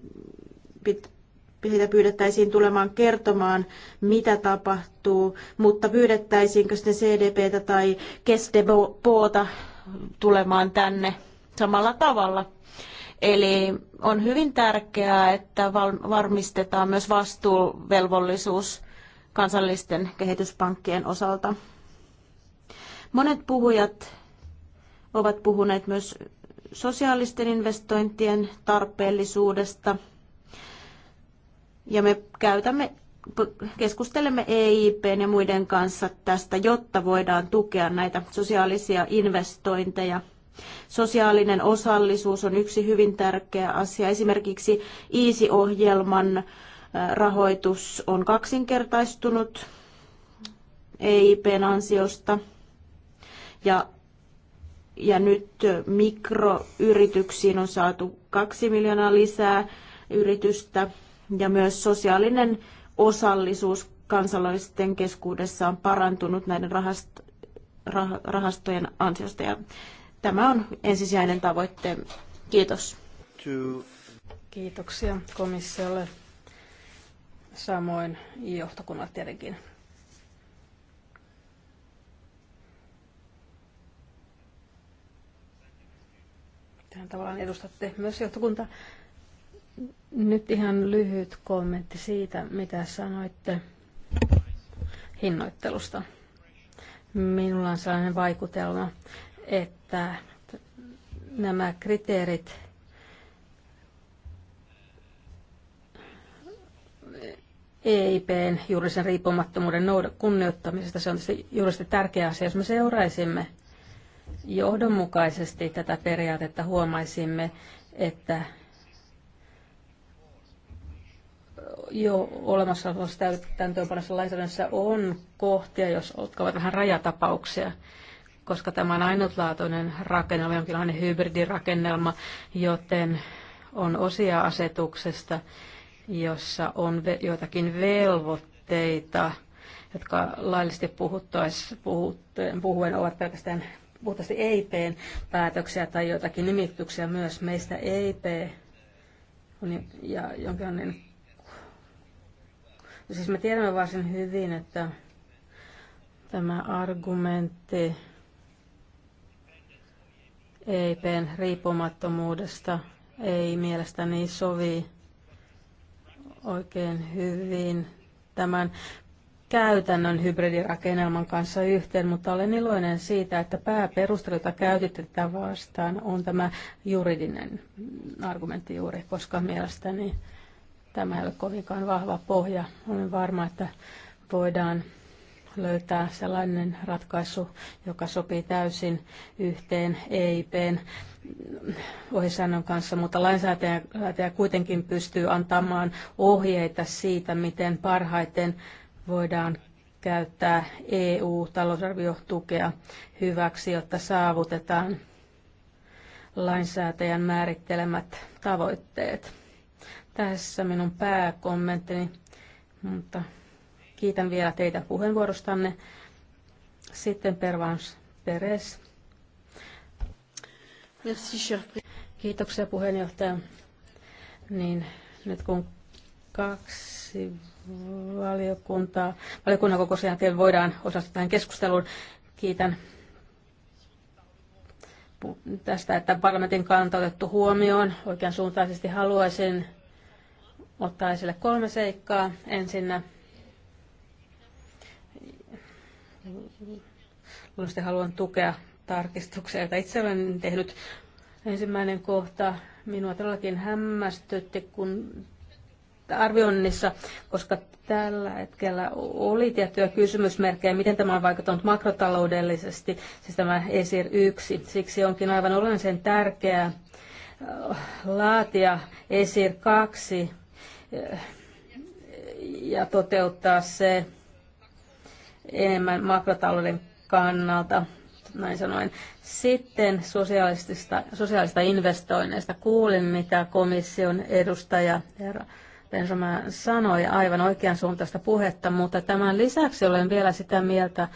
heitä pyydettäisiin tulemaan kertomaan, mitä tapahtuu, mutta pyydettäisiinkö sitten CDPtä tai Kestepoota tulemaan tänne samalla tavalla. Eli on hyvin tärkeää, että varmistetaan myös vastuuvelvollisuus kansallisten kehityspankkien osalta. Monet puhujat ovat puhuneet myös sosiaalisten investointien tarpeellisuudesta. Ja me käytämme, keskustelemme EIP ja muiden kanssa tästä, jotta voidaan tukea näitä sosiaalisia investointeja – Sosiaalinen osallisuus on yksi hyvin tärkeä asia. Esimerkiksi iisi ohjelman äh, rahoitus on kaksinkertaistunut EIPn ansiosta. Ja, ja nyt mikroyrityksiin on saatu kaksi miljoonaa lisää yritystä ja myös sosiaalinen osallisuus kansalaisten keskuudessa on parantunut näiden rahastojen ansiosta. Ja Tämä on ensisijainen tavoitte. Kiitos. Kiitoksia komissiolle. Samoin johtokunnalle tietenkin. Tähän tavallaan edustatte myös johtokunta. Nyt ihan lyhyt kommentti siitä, mitä sanoitte hinnoittelusta. Minulla on sellainen vaikutelma, että että nämä kriteerit EIPn juridisen riippumattomuuden kunnioittamisesta. Se on tietysti juridisesti tärkeä asia, jos me seuraisimme johdonmukaisesti tätä periaatetta, huomaisimme, että jo olemassa olevassa täytäntöönpanossa lainsäädännössä on kohtia, jos, ovat vähän rajatapauksia koska tämä on ainutlaatuinen rakennelma, jonkinlainen hybridirakennelma, joten on osia asetuksesta, jossa on joitakin velvoitteita, jotka laillisesti puhuen ovat pelkästään puhtaasti eip päätöksiä tai joitakin nimityksiä myös. Meistä EIP ja jonkinlainen... Siis me tiedämme varsin hyvin, että tämä argumentti EIPn riippumattomuudesta ei mielestäni sovi oikein hyvin tämän käytännön hybridirakennelman kanssa yhteen, mutta olen iloinen siitä, että pääperustelu, jota käytitte vastaan, on tämä juridinen argumentti juuri, koska mielestäni tämä ei ole kovinkaan vahva pohja. Olen varma, että voidaan löytää sellainen ratkaisu, joka sopii täysin yhteen EIPn ohjesäännön kanssa, mutta lainsäätäjä kuitenkin pystyy antamaan ohjeita siitä, miten parhaiten voidaan käyttää EU-talousarviotukea hyväksi, jotta saavutetaan lainsäätäjän määrittelemät tavoitteet. Tässä minun pääkommenttini, mutta Kiitän vielä teitä puheenvuorostanne. Sitten Pervans Peres. Kiitoksia puheenjohtaja. Niin, nyt kun kaksi valiokuntaa, valiokunnan koko jälkeen voidaan osallistua tähän keskusteluun. Kiitän tästä, että parlamentin kanta otettu huomioon. Oikean suuntaisesti haluaisin ottaa esille kolme seikkaa. Ensinnä luonnollisesti haluan tukea tarkistuksia, joita itse olen tehnyt. Ensimmäinen kohta minua todellakin hämmästytti, kun arvioinnissa, koska tällä hetkellä oli tiettyjä kysymysmerkkejä, miten tämä on vaikuttanut makrotaloudellisesti, siis tämä ESIR 1. Siksi onkin aivan olennaisen tärkeää äh, laatia ESIR 2 äh, ja toteuttaa se enemmän makrotalouden kannalta, näin sanoen. Sitten sosiaalisista, sosiaalista investoinneista kuulin, mitä komission edustaja herra Benjamin sanoi aivan oikean suuntaista puhetta, mutta tämän lisäksi olen vielä sitä mieltä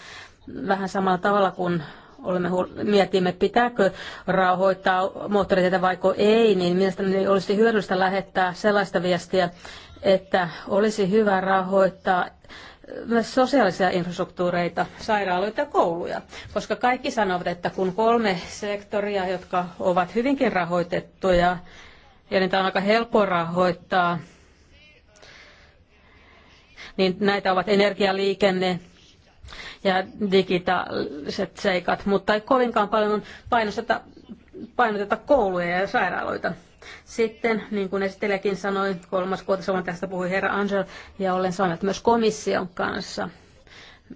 vähän samalla tavalla kuin olemme mietimme, pitääkö rauhoittaa moottoriteitä vaiko ei, niin mielestäni olisi hyödyllistä lähettää sellaista viestiä, että olisi hyvä rahoittaa myös sosiaalisia infrastruktuureita, sairaaloita ja kouluja, koska kaikki sanovat, että kun kolme sektoria, jotka ovat hyvinkin rahoitettuja, ja niitä on aika helppo rahoittaa, niin näitä ovat energialiikenne ja digitaaliset seikat, mutta ei kovinkaan paljon painosteta, painoteta kouluja ja sairaaloita. Sitten, niin kuin esittelijäkin sanoi, kolmas kohta, tästä puhui herra Angel, ja olen saanut myös komission kanssa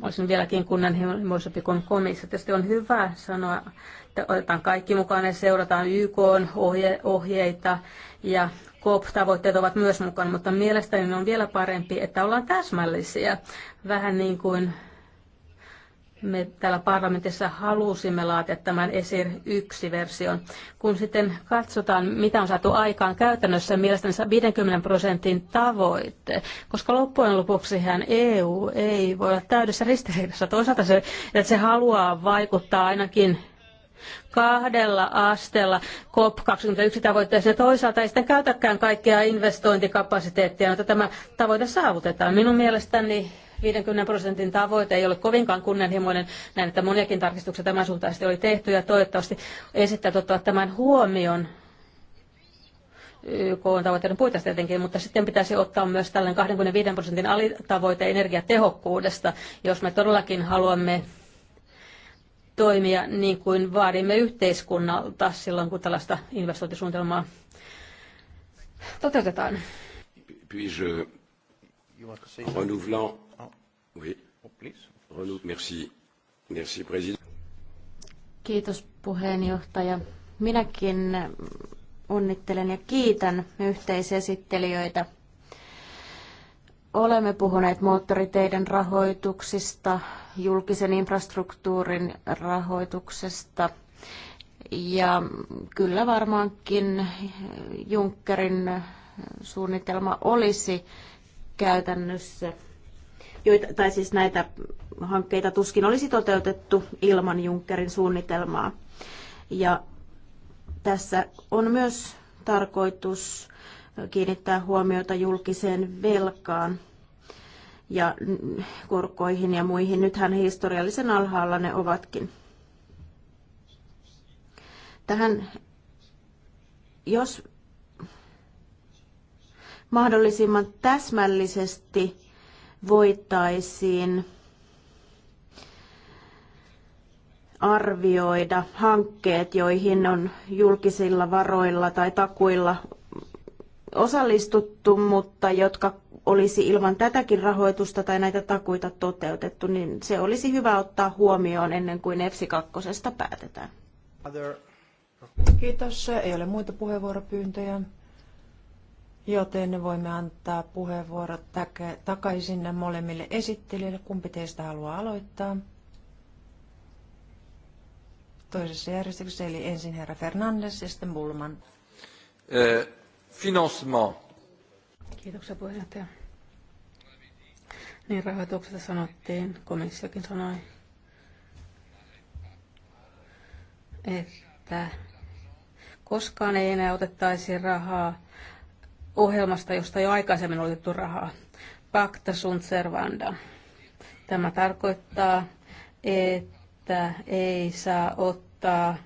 olisin vieläkin kunnianhimoisempi kuin komissio. Tietysti on hyvä sanoa, että otetaan kaikki mukaan ja seurataan YK ohje, ohjeita ja COP-tavoitteet ovat myös mukana, mutta mielestäni on vielä parempi, että ollaan täsmällisiä. Vähän niin kuin me täällä parlamentissa halusimme laatia tämän ESIR 1-version. Kun sitten katsotaan, mitä on saatu aikaan käytännössä, mielestäni 50 prosentin tavoite, koska loppujen lopuksi hän EU ei voi olla täydessä ristiriidassa. Toisaalta se, että se haluaa vaikuttaa ainakin kahdella asteella COP21 tavoitteeseen ja toisaalta ei sitten käytäkään kaikkea investointikapasiteettia, mutta tämä tavoite saavutetaan. Minun mielestäni 50 prosentin tavoite ei ole kovinkaan kunnianhimoinen. Näin, että moniakin tarkistuksia tämän suuntaisesti oli tehty ja toivottavasti esittäjät ottavat tämän huomioon YK on tavoitteiden puitteissa tietenkin, mutta sitten pitäisi ottaa myös tällainen 25 prosentin alitavoite energiatehokkuudesta, jos me todellakin haluamme toimia niin kuin vaadimme yhteiskunnalta silloin, kun tällaista investointisuunnitelmaa toteutetaan. Puis je, renouvelant Oui. Oh, Renaud, merci. Merci, Kiitos puheenjohtaja. Minäkin onnittelen ja kiitän yhteisesittelijöitä. Olemme puhuneet moottoriteiden rahoituksista, julkisen infrastruktuurin rahoituksesta ja kyllä varmaankin Junckerin suunnitelma olisi käytännössä joita, tai siis näitä hankkeita tuskin olisi toteutettu ilman Junckerin suunnitelmaa. Ja tässä on myös tarkoitus kiinnittää huomiota julkiseen velkaan ja korkoihin ja muihin. Nythän historiallisen alhaalla ne ovatkin. Tähän, jos mahdollisimman täsmällisesti voitaisiin arvioida hankkeet, joihin on julkisilla varoilla tai takuilla osallistuttu, mutta jotka olisi ilman tätäkin rahoitusta tai näitä takuita toteutettu, niin se olisi hyvä ottaa huomioon ennen kuin EFSI 2 päätetään. Kiitos. Ei ole muita puheenvuoropyyntöjä joten voimme antaa puheenvuorot takaisin molemmille esittelijöille. Kumpi teistä haluaa aloittaa? Toisessa järjestyksessä, eli ensin herra Fernandes ja sitten Bulman. Eh, financement. Kiitoksia puheenjohtaja. Niin rahoituksesta sanottiin, komissiokin sanoi, että koskaan ei enää otettaisi rahaa ohjelmasta, josta jo aikaisemmin oli otettu rahaa. Pacta sunt servanda. Tämä tarkoittaa, että ei saa ottaa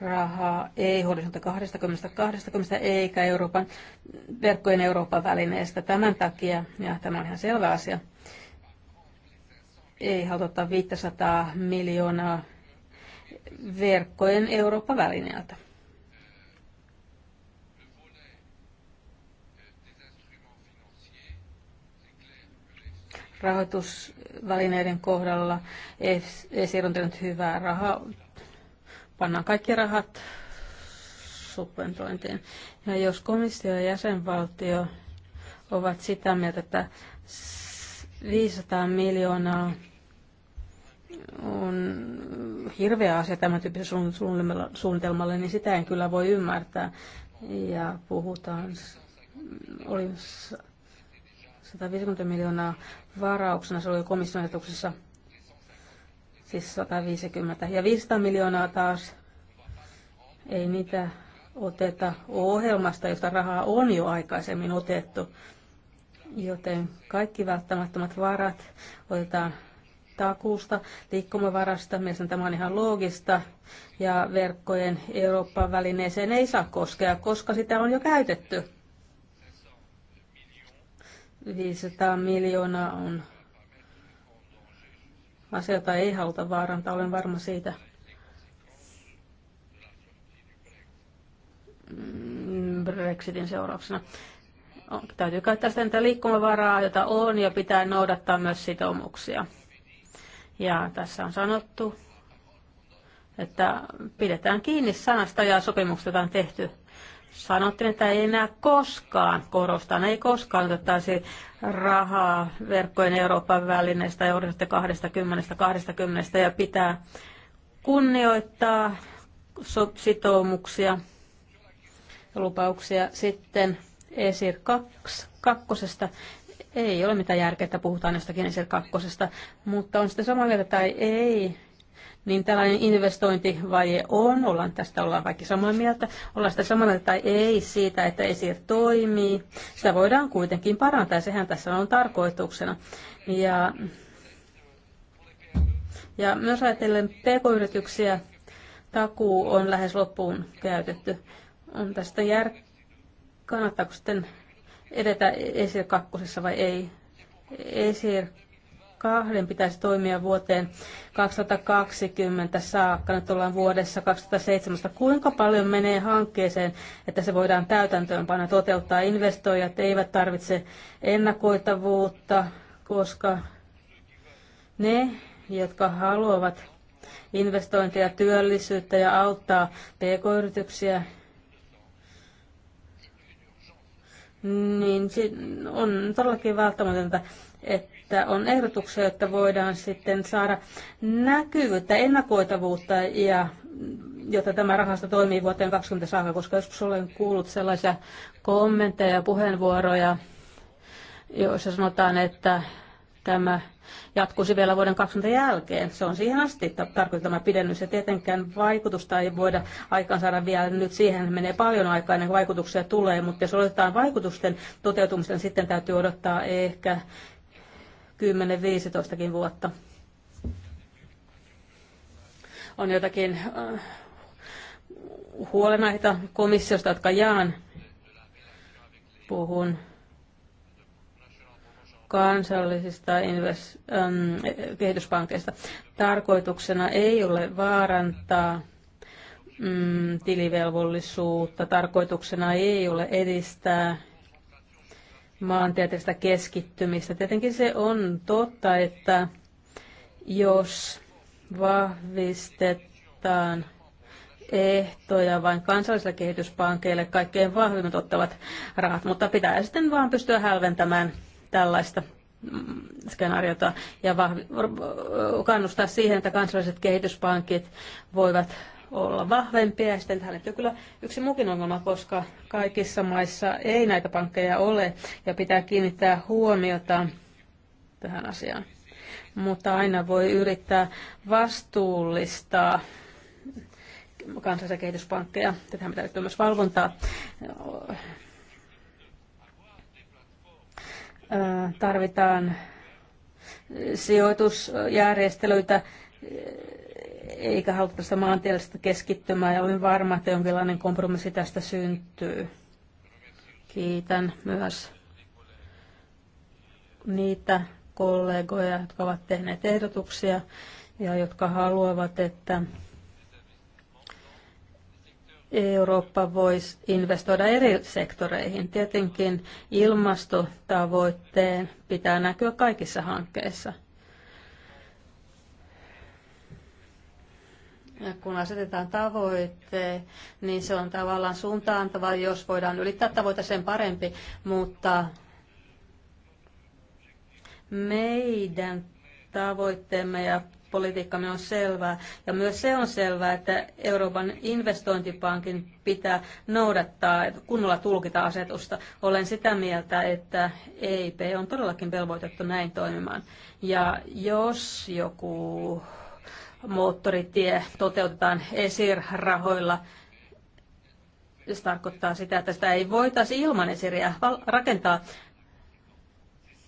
rahaa ei horisontti 20, 20 eikä Euroopan, verkkojen Euroopan välineestä tämän takia, ja tämä on ihan selvä asia, ei haluta ottaa 500 miljoonaa verkkojen Euroopan välineeltä. rahoitusvälineiden kohdalla ESIR on tehnyt hyvää rahaa. Pannaan kaikki rahat subventointiin. Ja jos komissio ja jäsenvaltio ovat sitä mieltä, että 500 miljoonaa on hirveä asia tämän tyyppisellä suunnitelmalle, niin sitä en kyllä voi ymmärtää. Ja puhutaan, olin 150 miljoonaa varauksena, se oli komission ehdotuksessa, siis 150. Ja 500 miljoonaa taas ei niitä oteta ohjelmasta, josta rahaa on jo aikaisemmin otettu. Joten kaikki välttämättömät varat otetaan takuusta, liikkumavarasta. Mielestäni tämä on ihan loogista. Ja verkkojen Euroopan välineeseen ei saa koskea, koska sitä on jo käytetty. 500 miljoonaa on asia, jota ei haluta vaarantaa, olen varma siitä. Mm, Brexitin seurauksena. On, täytyy käyttää sitä niitä liikkumavaraa, jota on, ja pitää noudattaa myös sitoumuksia. Ja tässä on sanottu, että pidetään kiinni sanasta ja sopimuksesta, jota on tehty sanottiin, että ei enää koskaan, korostan, ei koskaan otettaisi rahaa verkkojen Euroopan välineestä eurosta 20-20 ja pitää kunnioittaa sitoumuksia ja lupauksia. Sitten ESIR 2, kakkosesta ei ole mitään järkeä, että puhutaan jostakin ESIR kakkosesta, mutta on sitten samaa mieltä tai ei, niin tällainen investointivaje on, ollaan tästä ollaan kaikki samaa mieltä, ollaan sitä samaa mieltä tai ei siitä, että esir toimii. Sitä voidaan kuitenkin parantaa, sehän tässä on tarkoituksena. Ja, ja myös ajatellen pk-yrityksiä, takuu on lähes loppuun käytetty. On tästä jär... kannattaako sitten edetä esir kakkosessa vai ei? Esir kahden pitäisi toimia vuoteen 2020 saakka. Nyt ollaan vuodessa 2007. Kuinka paljon menee hankkeeseen, että se voidaan täytäntöönpana toteuttaa? Investoijat eivät tarvitse ennakoitavuutta, koska ne, jotka haluavat investointeja, työllisyyttä ja auttaa pk-yrityksiä, niin on todellakin välttämätöntä, että että on ehdotuksia, että voidaan sitten saada näkyvyyttä, ennakoitavuutta ja jotta tämä rahasto toimii vuoteen 20 saakka, koska joskus olen kuullut sellaisia kommentteja ja puheenvuoroja, joissa sanotaan, että tämä jatkuisi vielä vuoden 20 jälkeen. Se on siihen asti tarkoitettu pidennys ja tietenkään vaikutusta ei voida aikaan saada vielä. Nyt siihen menee paljon aikaa ennen vaikutuksia tulee, mutta jos odotetaan vaikutusten toteutumista, niin sitten täytyy odottaa ehkä 10 15 vuotta. On jotakin äh, huolenaita komissiosta, jotka jaan. Puhun kansallisista invest, kehityspankkeista. Tarkoituksena ei ole vaarantaa mm, tilivelvollisuutta, tarkoituksena ei ole edistää maantieteellistä keskittymistä. Tietenkin se on totta, että jos vahvistetaan ehtoja vain kansallisille kehityspankeille, kaikkein vahvimmat ottavat rahat, mutta pitää sitten vaan pystyä hälventämään tällaista mm, skenaariota ja vahvi- kannustaa siihen, että kansalliset kehityspankit voivat olla vahvempia. Ja sitten tähän kyllä yksi muukin ongelma, koska kaikissa maissa ei näitä pankkeja ole ja pitää kiinnittää huomiota tähän asiaan. Mutta aina voi yrittää vastuullistaa kansallisia kehityspankkeja. Tähän pitää liittyä myös valvontaa. Tarvitaan sijoitusjärjestelyitä eikä haluta sitä maantieteellistä keskittymää ja olen varma, että jonkinlainen kompromissi tästä syntyy. Kiitän myös niitä kollegoja, jotka ovat tehneet ehdotuksia ja jotka haluavat, että Eurooppa voisi investoida eri sektoreihin. Tietenkin ilmastotavoitteen pitää näkyä kaikissa hankkeissa – Ja kun asetetaan tavoite, niin se on tavallaan suuntaantava, jos voidaan ylittää tavoite, sen parempi, mutta meidän tavoitteemme ja politiikkamme on selvää. Ja myös se on selvää, että Euroopan investointipankin pitää noudattaa, kunnolla tulkita asetusta. Olen sitä mieltä, että EIP on todellakin velvoitettu näin toimimaan. Ja jos joku moottoritie toteutetaan ESIR-rahoilla. Se tarkoittaa sitä, että sitä ei voitaisi ilman ESIRiä rakentaa.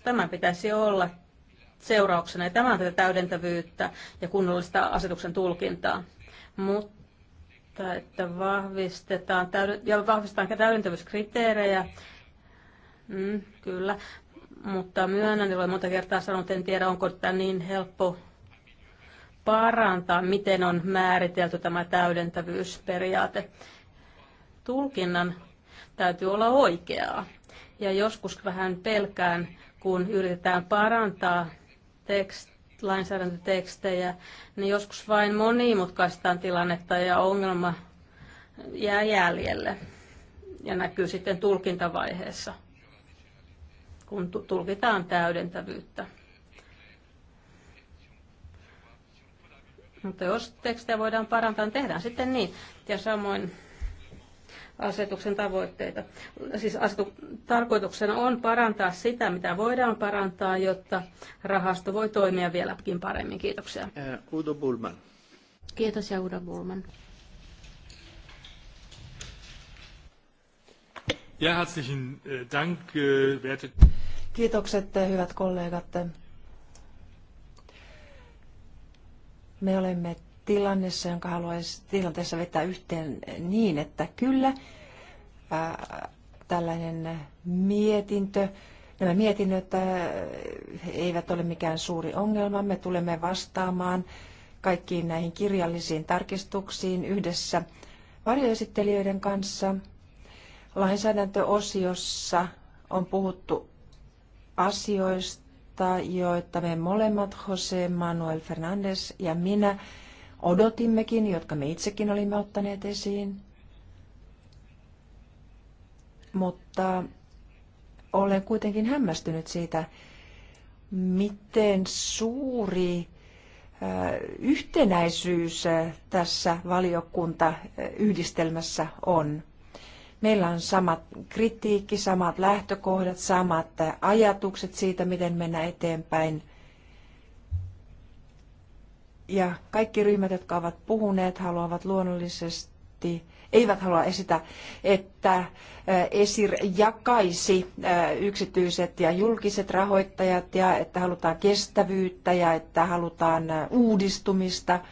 Tämä pitäisi olla seurauksena ja tämä on tätä täydentävyyttä ja kunnollista asetuksen tulkintaa. Mutta että vahvistetaan, ja vahvistetaan täydentävyyskriteerejä, mm, kyllä, mutta myönnän, niin olen monta kertaa sanonut, en tiedä onko tämä niin helppo parantaa, miten on määritelty tämä täydentävyysperiaate. Tulkinnan täytyy olla oikeaa. Ja joskus vähän pelkään, kun yritetään parantaa tekst, lainsäädäntötekstejä, niin joskus vain monimutkaistaan tilannetta ja ongelma jää jäljelle ja näkyy sitten tulkintavaiheessa, kun tulkitaan täydentävyyttä. Mutta jos tekstejä voidaan parantaa, niin tehdään sitten niin. Ja samoin asetuksen tavoitteita. Siis asetu- tarkoituksena on parantaa sitä, mitä voidaan parantaa, jotta rahasto voi toimia vieläkin paremmin. Kiitoksia. Udo Bulman. Kiitos ja Udo Bulman. Ja, herzlichen äh, Dank, äh, werte... Kiitokset, äh, hyvät kollegat. Me olemme tilanteessa, jonka haluaisi tilanteessa vetää yhteen niin, että kyllä ää, tällainen mietintö, nämä mietinnöt ää, eivät ole mikään suuri ongelma. Me tulemme vastaamaan kaikkiin näihin kirjallisiin tarkistuksiin yhdessä varjoesittelijöiden kanssa. Lainsäädäntöosiossa on puhuttu asioista, jo, että me molemmat, Jose Manuel Fernandes ja minä, odotimmekin, jotka me itsekin olimme ottaneet esiin. Mutta olen kuitenkin hämmästynyt siitä, miten suuri äh, yhtenäisyys äh, tässä valiokuntayhdistelmässä äh, on. Meillä on samat kritiikki, samat lähtökohdat, samat ajatukset siitä, miten mennä eteenpäin. Ja kaikki ryhmät, jotka ovat puhuneet, haluavat luonnollisesti, eivät halua esitä, että ESIR jakaisi yksityiset ja julkiset rahoittajat ja että halutaan kestävyyttä ja että halutaan uudistumista –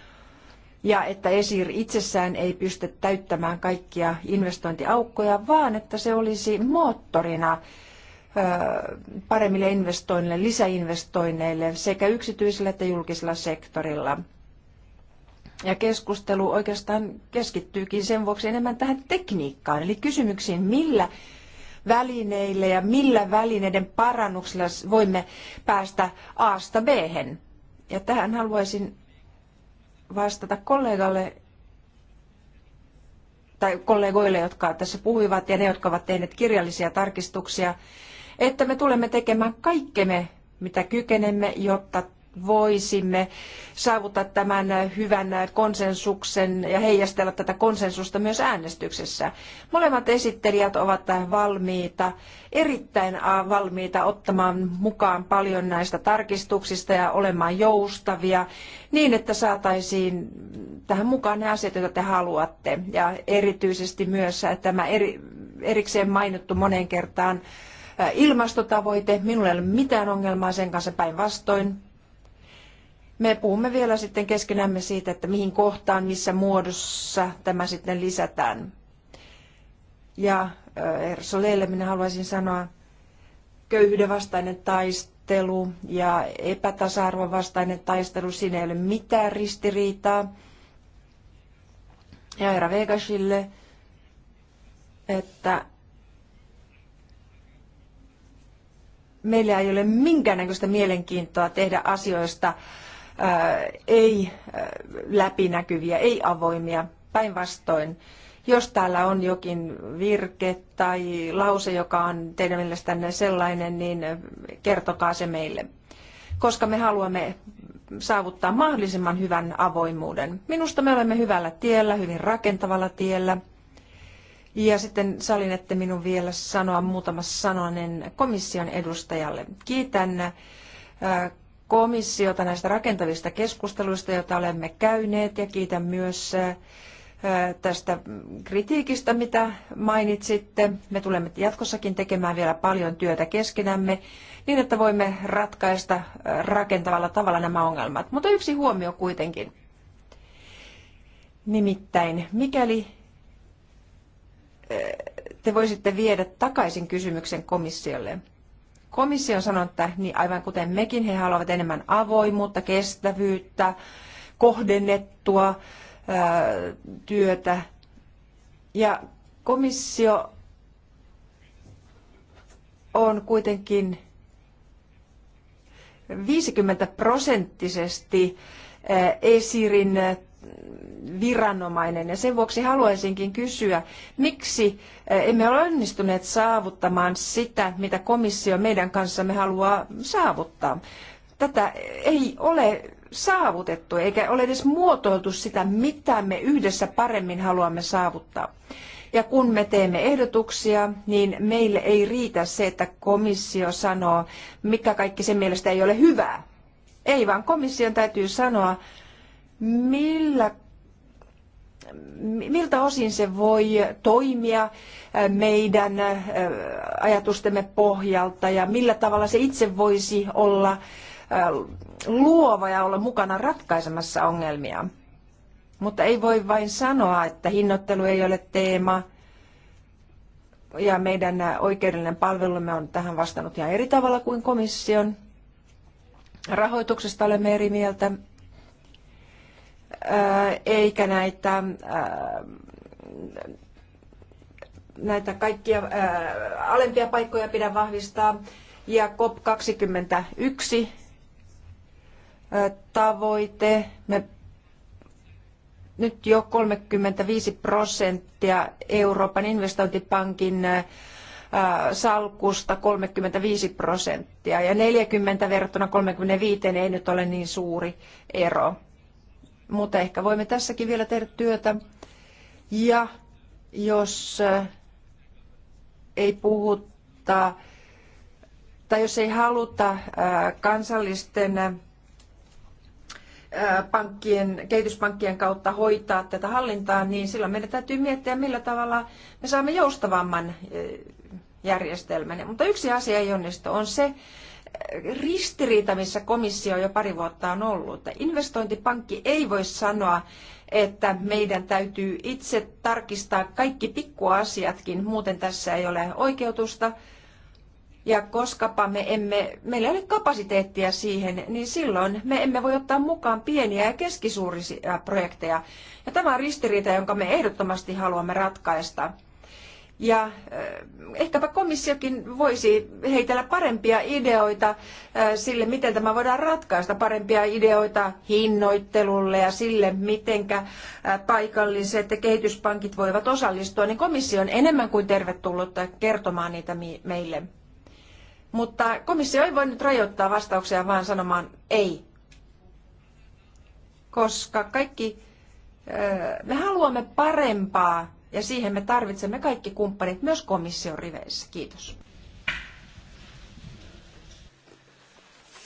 ja että ESIR itsessään ei pysty täyttämään kaikkia investointiaukkoja, vaan että se olisi moottorina paremmille investoinneille, lisäinvestoinneille sekä yksityisellä että julkisella sektorilla. Ja keskustelu oikeastaan keskittyykin sen vuoksi enemmän tähän tekniikkaan, eli kysymyksiin, millä välineillä ja millä välineiden parannuksilla voimme päästä A-sta b Ja tähän haluaisin vastata kollegalle tai kollegoille, jotka tässä puhuivat ja ne, jotka ovat tehneet kirjallisia tarkistuksia, että me tulemme tekemään kaikkemme, mitä kykenemme, jotta voisimme saavuttaa tämän hyvän konsensuksen ja heijastella tätä konsensusta myös äänestyksessä. Molemmat esittelijät ovat valmiita, erittäin valmiita ottamaan mukaan paljon näistä tarkistuksista ja olemaan joustavia niin, että saataisiin tähän mukaan ne asiat, joita te haluatte. Ja erityisesti myös tämä eri, erikseen mainittu monen kertaan ilmastotavoite. Minulla ei ole mitään ongelmaa sen kanssa päinvastoin me puhumme vielä sitten keskenämme siitä, että mihin kohtaan, missä muodossa tämä sitten lisätään. Ja Ersoleille minä haluaisin sanoa, köyhyyden vastainen taistelu ja epätasa-arvon vastainen taistelu, siinä ei ole mitään ristiriitaa. Ja Eera Vegasille, että meillä ei ole minkäännäköistä mielenkiintoa tehdä asioista ei läpinäkyviä, ei avoimia. Päinvastoin, jos täällä on jokin virke tai lause, joka on teidän mielestänne sellainen, niin kertokaa se meille. Koska me haluamme saavuttaa mahdollisimman hyvän avoimuuden. Minusta me olemme hyvällä tiellä, hyvin rakentavalla tiellä. Ja sitten salin, että minun vielä sanoa muutama sananen komission edustajalle. Kiitän komissiota näistä rakentavista keskusteluista, joita olemme käyneet, ja kiitän myös tästä kritiikistä, mitä mainitsitte. Me tulemme jatkossakin tekemään vielä paljon työtä keskenämme niin, että voimme ratkaista rakentavalla tavalla nämä ongelmat. Mutta yksi huomio kuitenkin. Nimittäin, mikäli te voisitte viedä takaisin kysymyksen komissiolle, Komissio on sanonut, että niin aivan kuten mekin, he haluavat enemmän avoimuutta, kestävyyttä, kohdennettua ää, työtä. Ja komissio on kuitenkin 50 prosenttisesti Esirin viranomainen. Ja sen vuoksi haluaisinkin kysyä, miksi eh, emme ole onnistuneet saavuttamaan sitä, mitä komissio meidän kanssamme haluaa saavuttaa. Tätä ei ole saavutettu, eikä ole edes muotoiltu sitä, mitä me yhdessä paremmin haluamme saavuttaa. Ja kun me teemme ehdotuksia, niin meille ei riitä se, että komissio sanoo, mikä kaikki sen mielestä ei ole hyvää. Ei, vaan komission täytyy sanoa, millä miltä osin se voi toimia äh, meidän äh, ajatustemme pohjalta ja millä tavalla se itse voisi olla äh, luova ja olla mukana ratkaisemassa ongelmia. Mutta ei voi vain sanoa, että hinnoittelu ei ole teema ja meidän oikeudellinen palvelumme on tähän vastannut ihan eri tavalla kuin komission. Rahoituksesta olemme eri mieltä eikä näitä, näitä kaikkia alempia paikkoja pidä vahvistaa. Ja COP21 tavoite, me nyt jo 35 prosenttia Euroopan investointipankin salkusta 35 prosenttia ja 40 verrattuna 35 ei nyt ole niin suuri ero mutta ehkä voimme tässäkin vielä tehdä työtä. Ja jos eh, ei puhuta tai jos ei haluta eh, kansallisten eh, pankkien, kehityspankkien kautta hoitaa tätä hallintaa, niin silloin meidän täytyy miettiä, millä tavalla me saamme joustavamman järjestelmän. Mutta yksi asia ei onnistu on se, ristiriita, missä komissio jo pari vuotta on ollut. Investointipankki ei voi sanoa, että meidän täytyy itse tarkistaa kaikki pikkuasiatkin, muuten tässä ei ole oikeutusta. Ja koskapa me emme, meillä ei ole kapasiteettia siihen, niin silloin me emme voi ottaa mukaan pieniä ja keskisuurisia projekteja. Ja tämä on ristiriita, jonka me ehdottomasti haluamme ratkaista. Ja eh, ehkäpä komissiokin voisi heitellä parempia ideoita eh, sille, miten tämä voidaan ratkaista, parempia ideoita hinnoittelulle ja sille, miten eh, paikalliset kehityspankit voivat osallistua, niin komissio on enemmän kuin tervetullut kertomaan niitä meille. Mutta komissio ei voi nyt rajoittaa vastauksia vaan sanomaan ei, koska kaikki me haluamme parempaa ja siihen me tarvitsemme kaikki kumppanit, myös komission riveissä. Kiitos.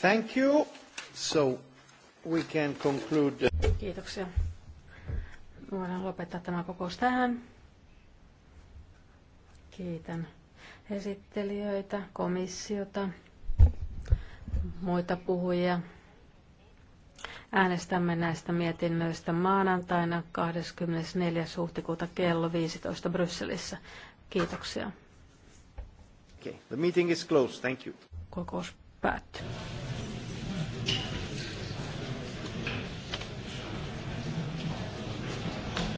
Thank you. So we can conclude. Kiitoksia. Voidaan lopettaa tämä kokous tähän. Kiitän esittelijöitä, komissiota, muita puhujia. Äänestämme näistä mietinnöistä maanantaina 24. huhtikuuta kello 15 Brysselissä. Kiitoksia. Okay. The meeting is closed. Thank you. Kokous päättyy.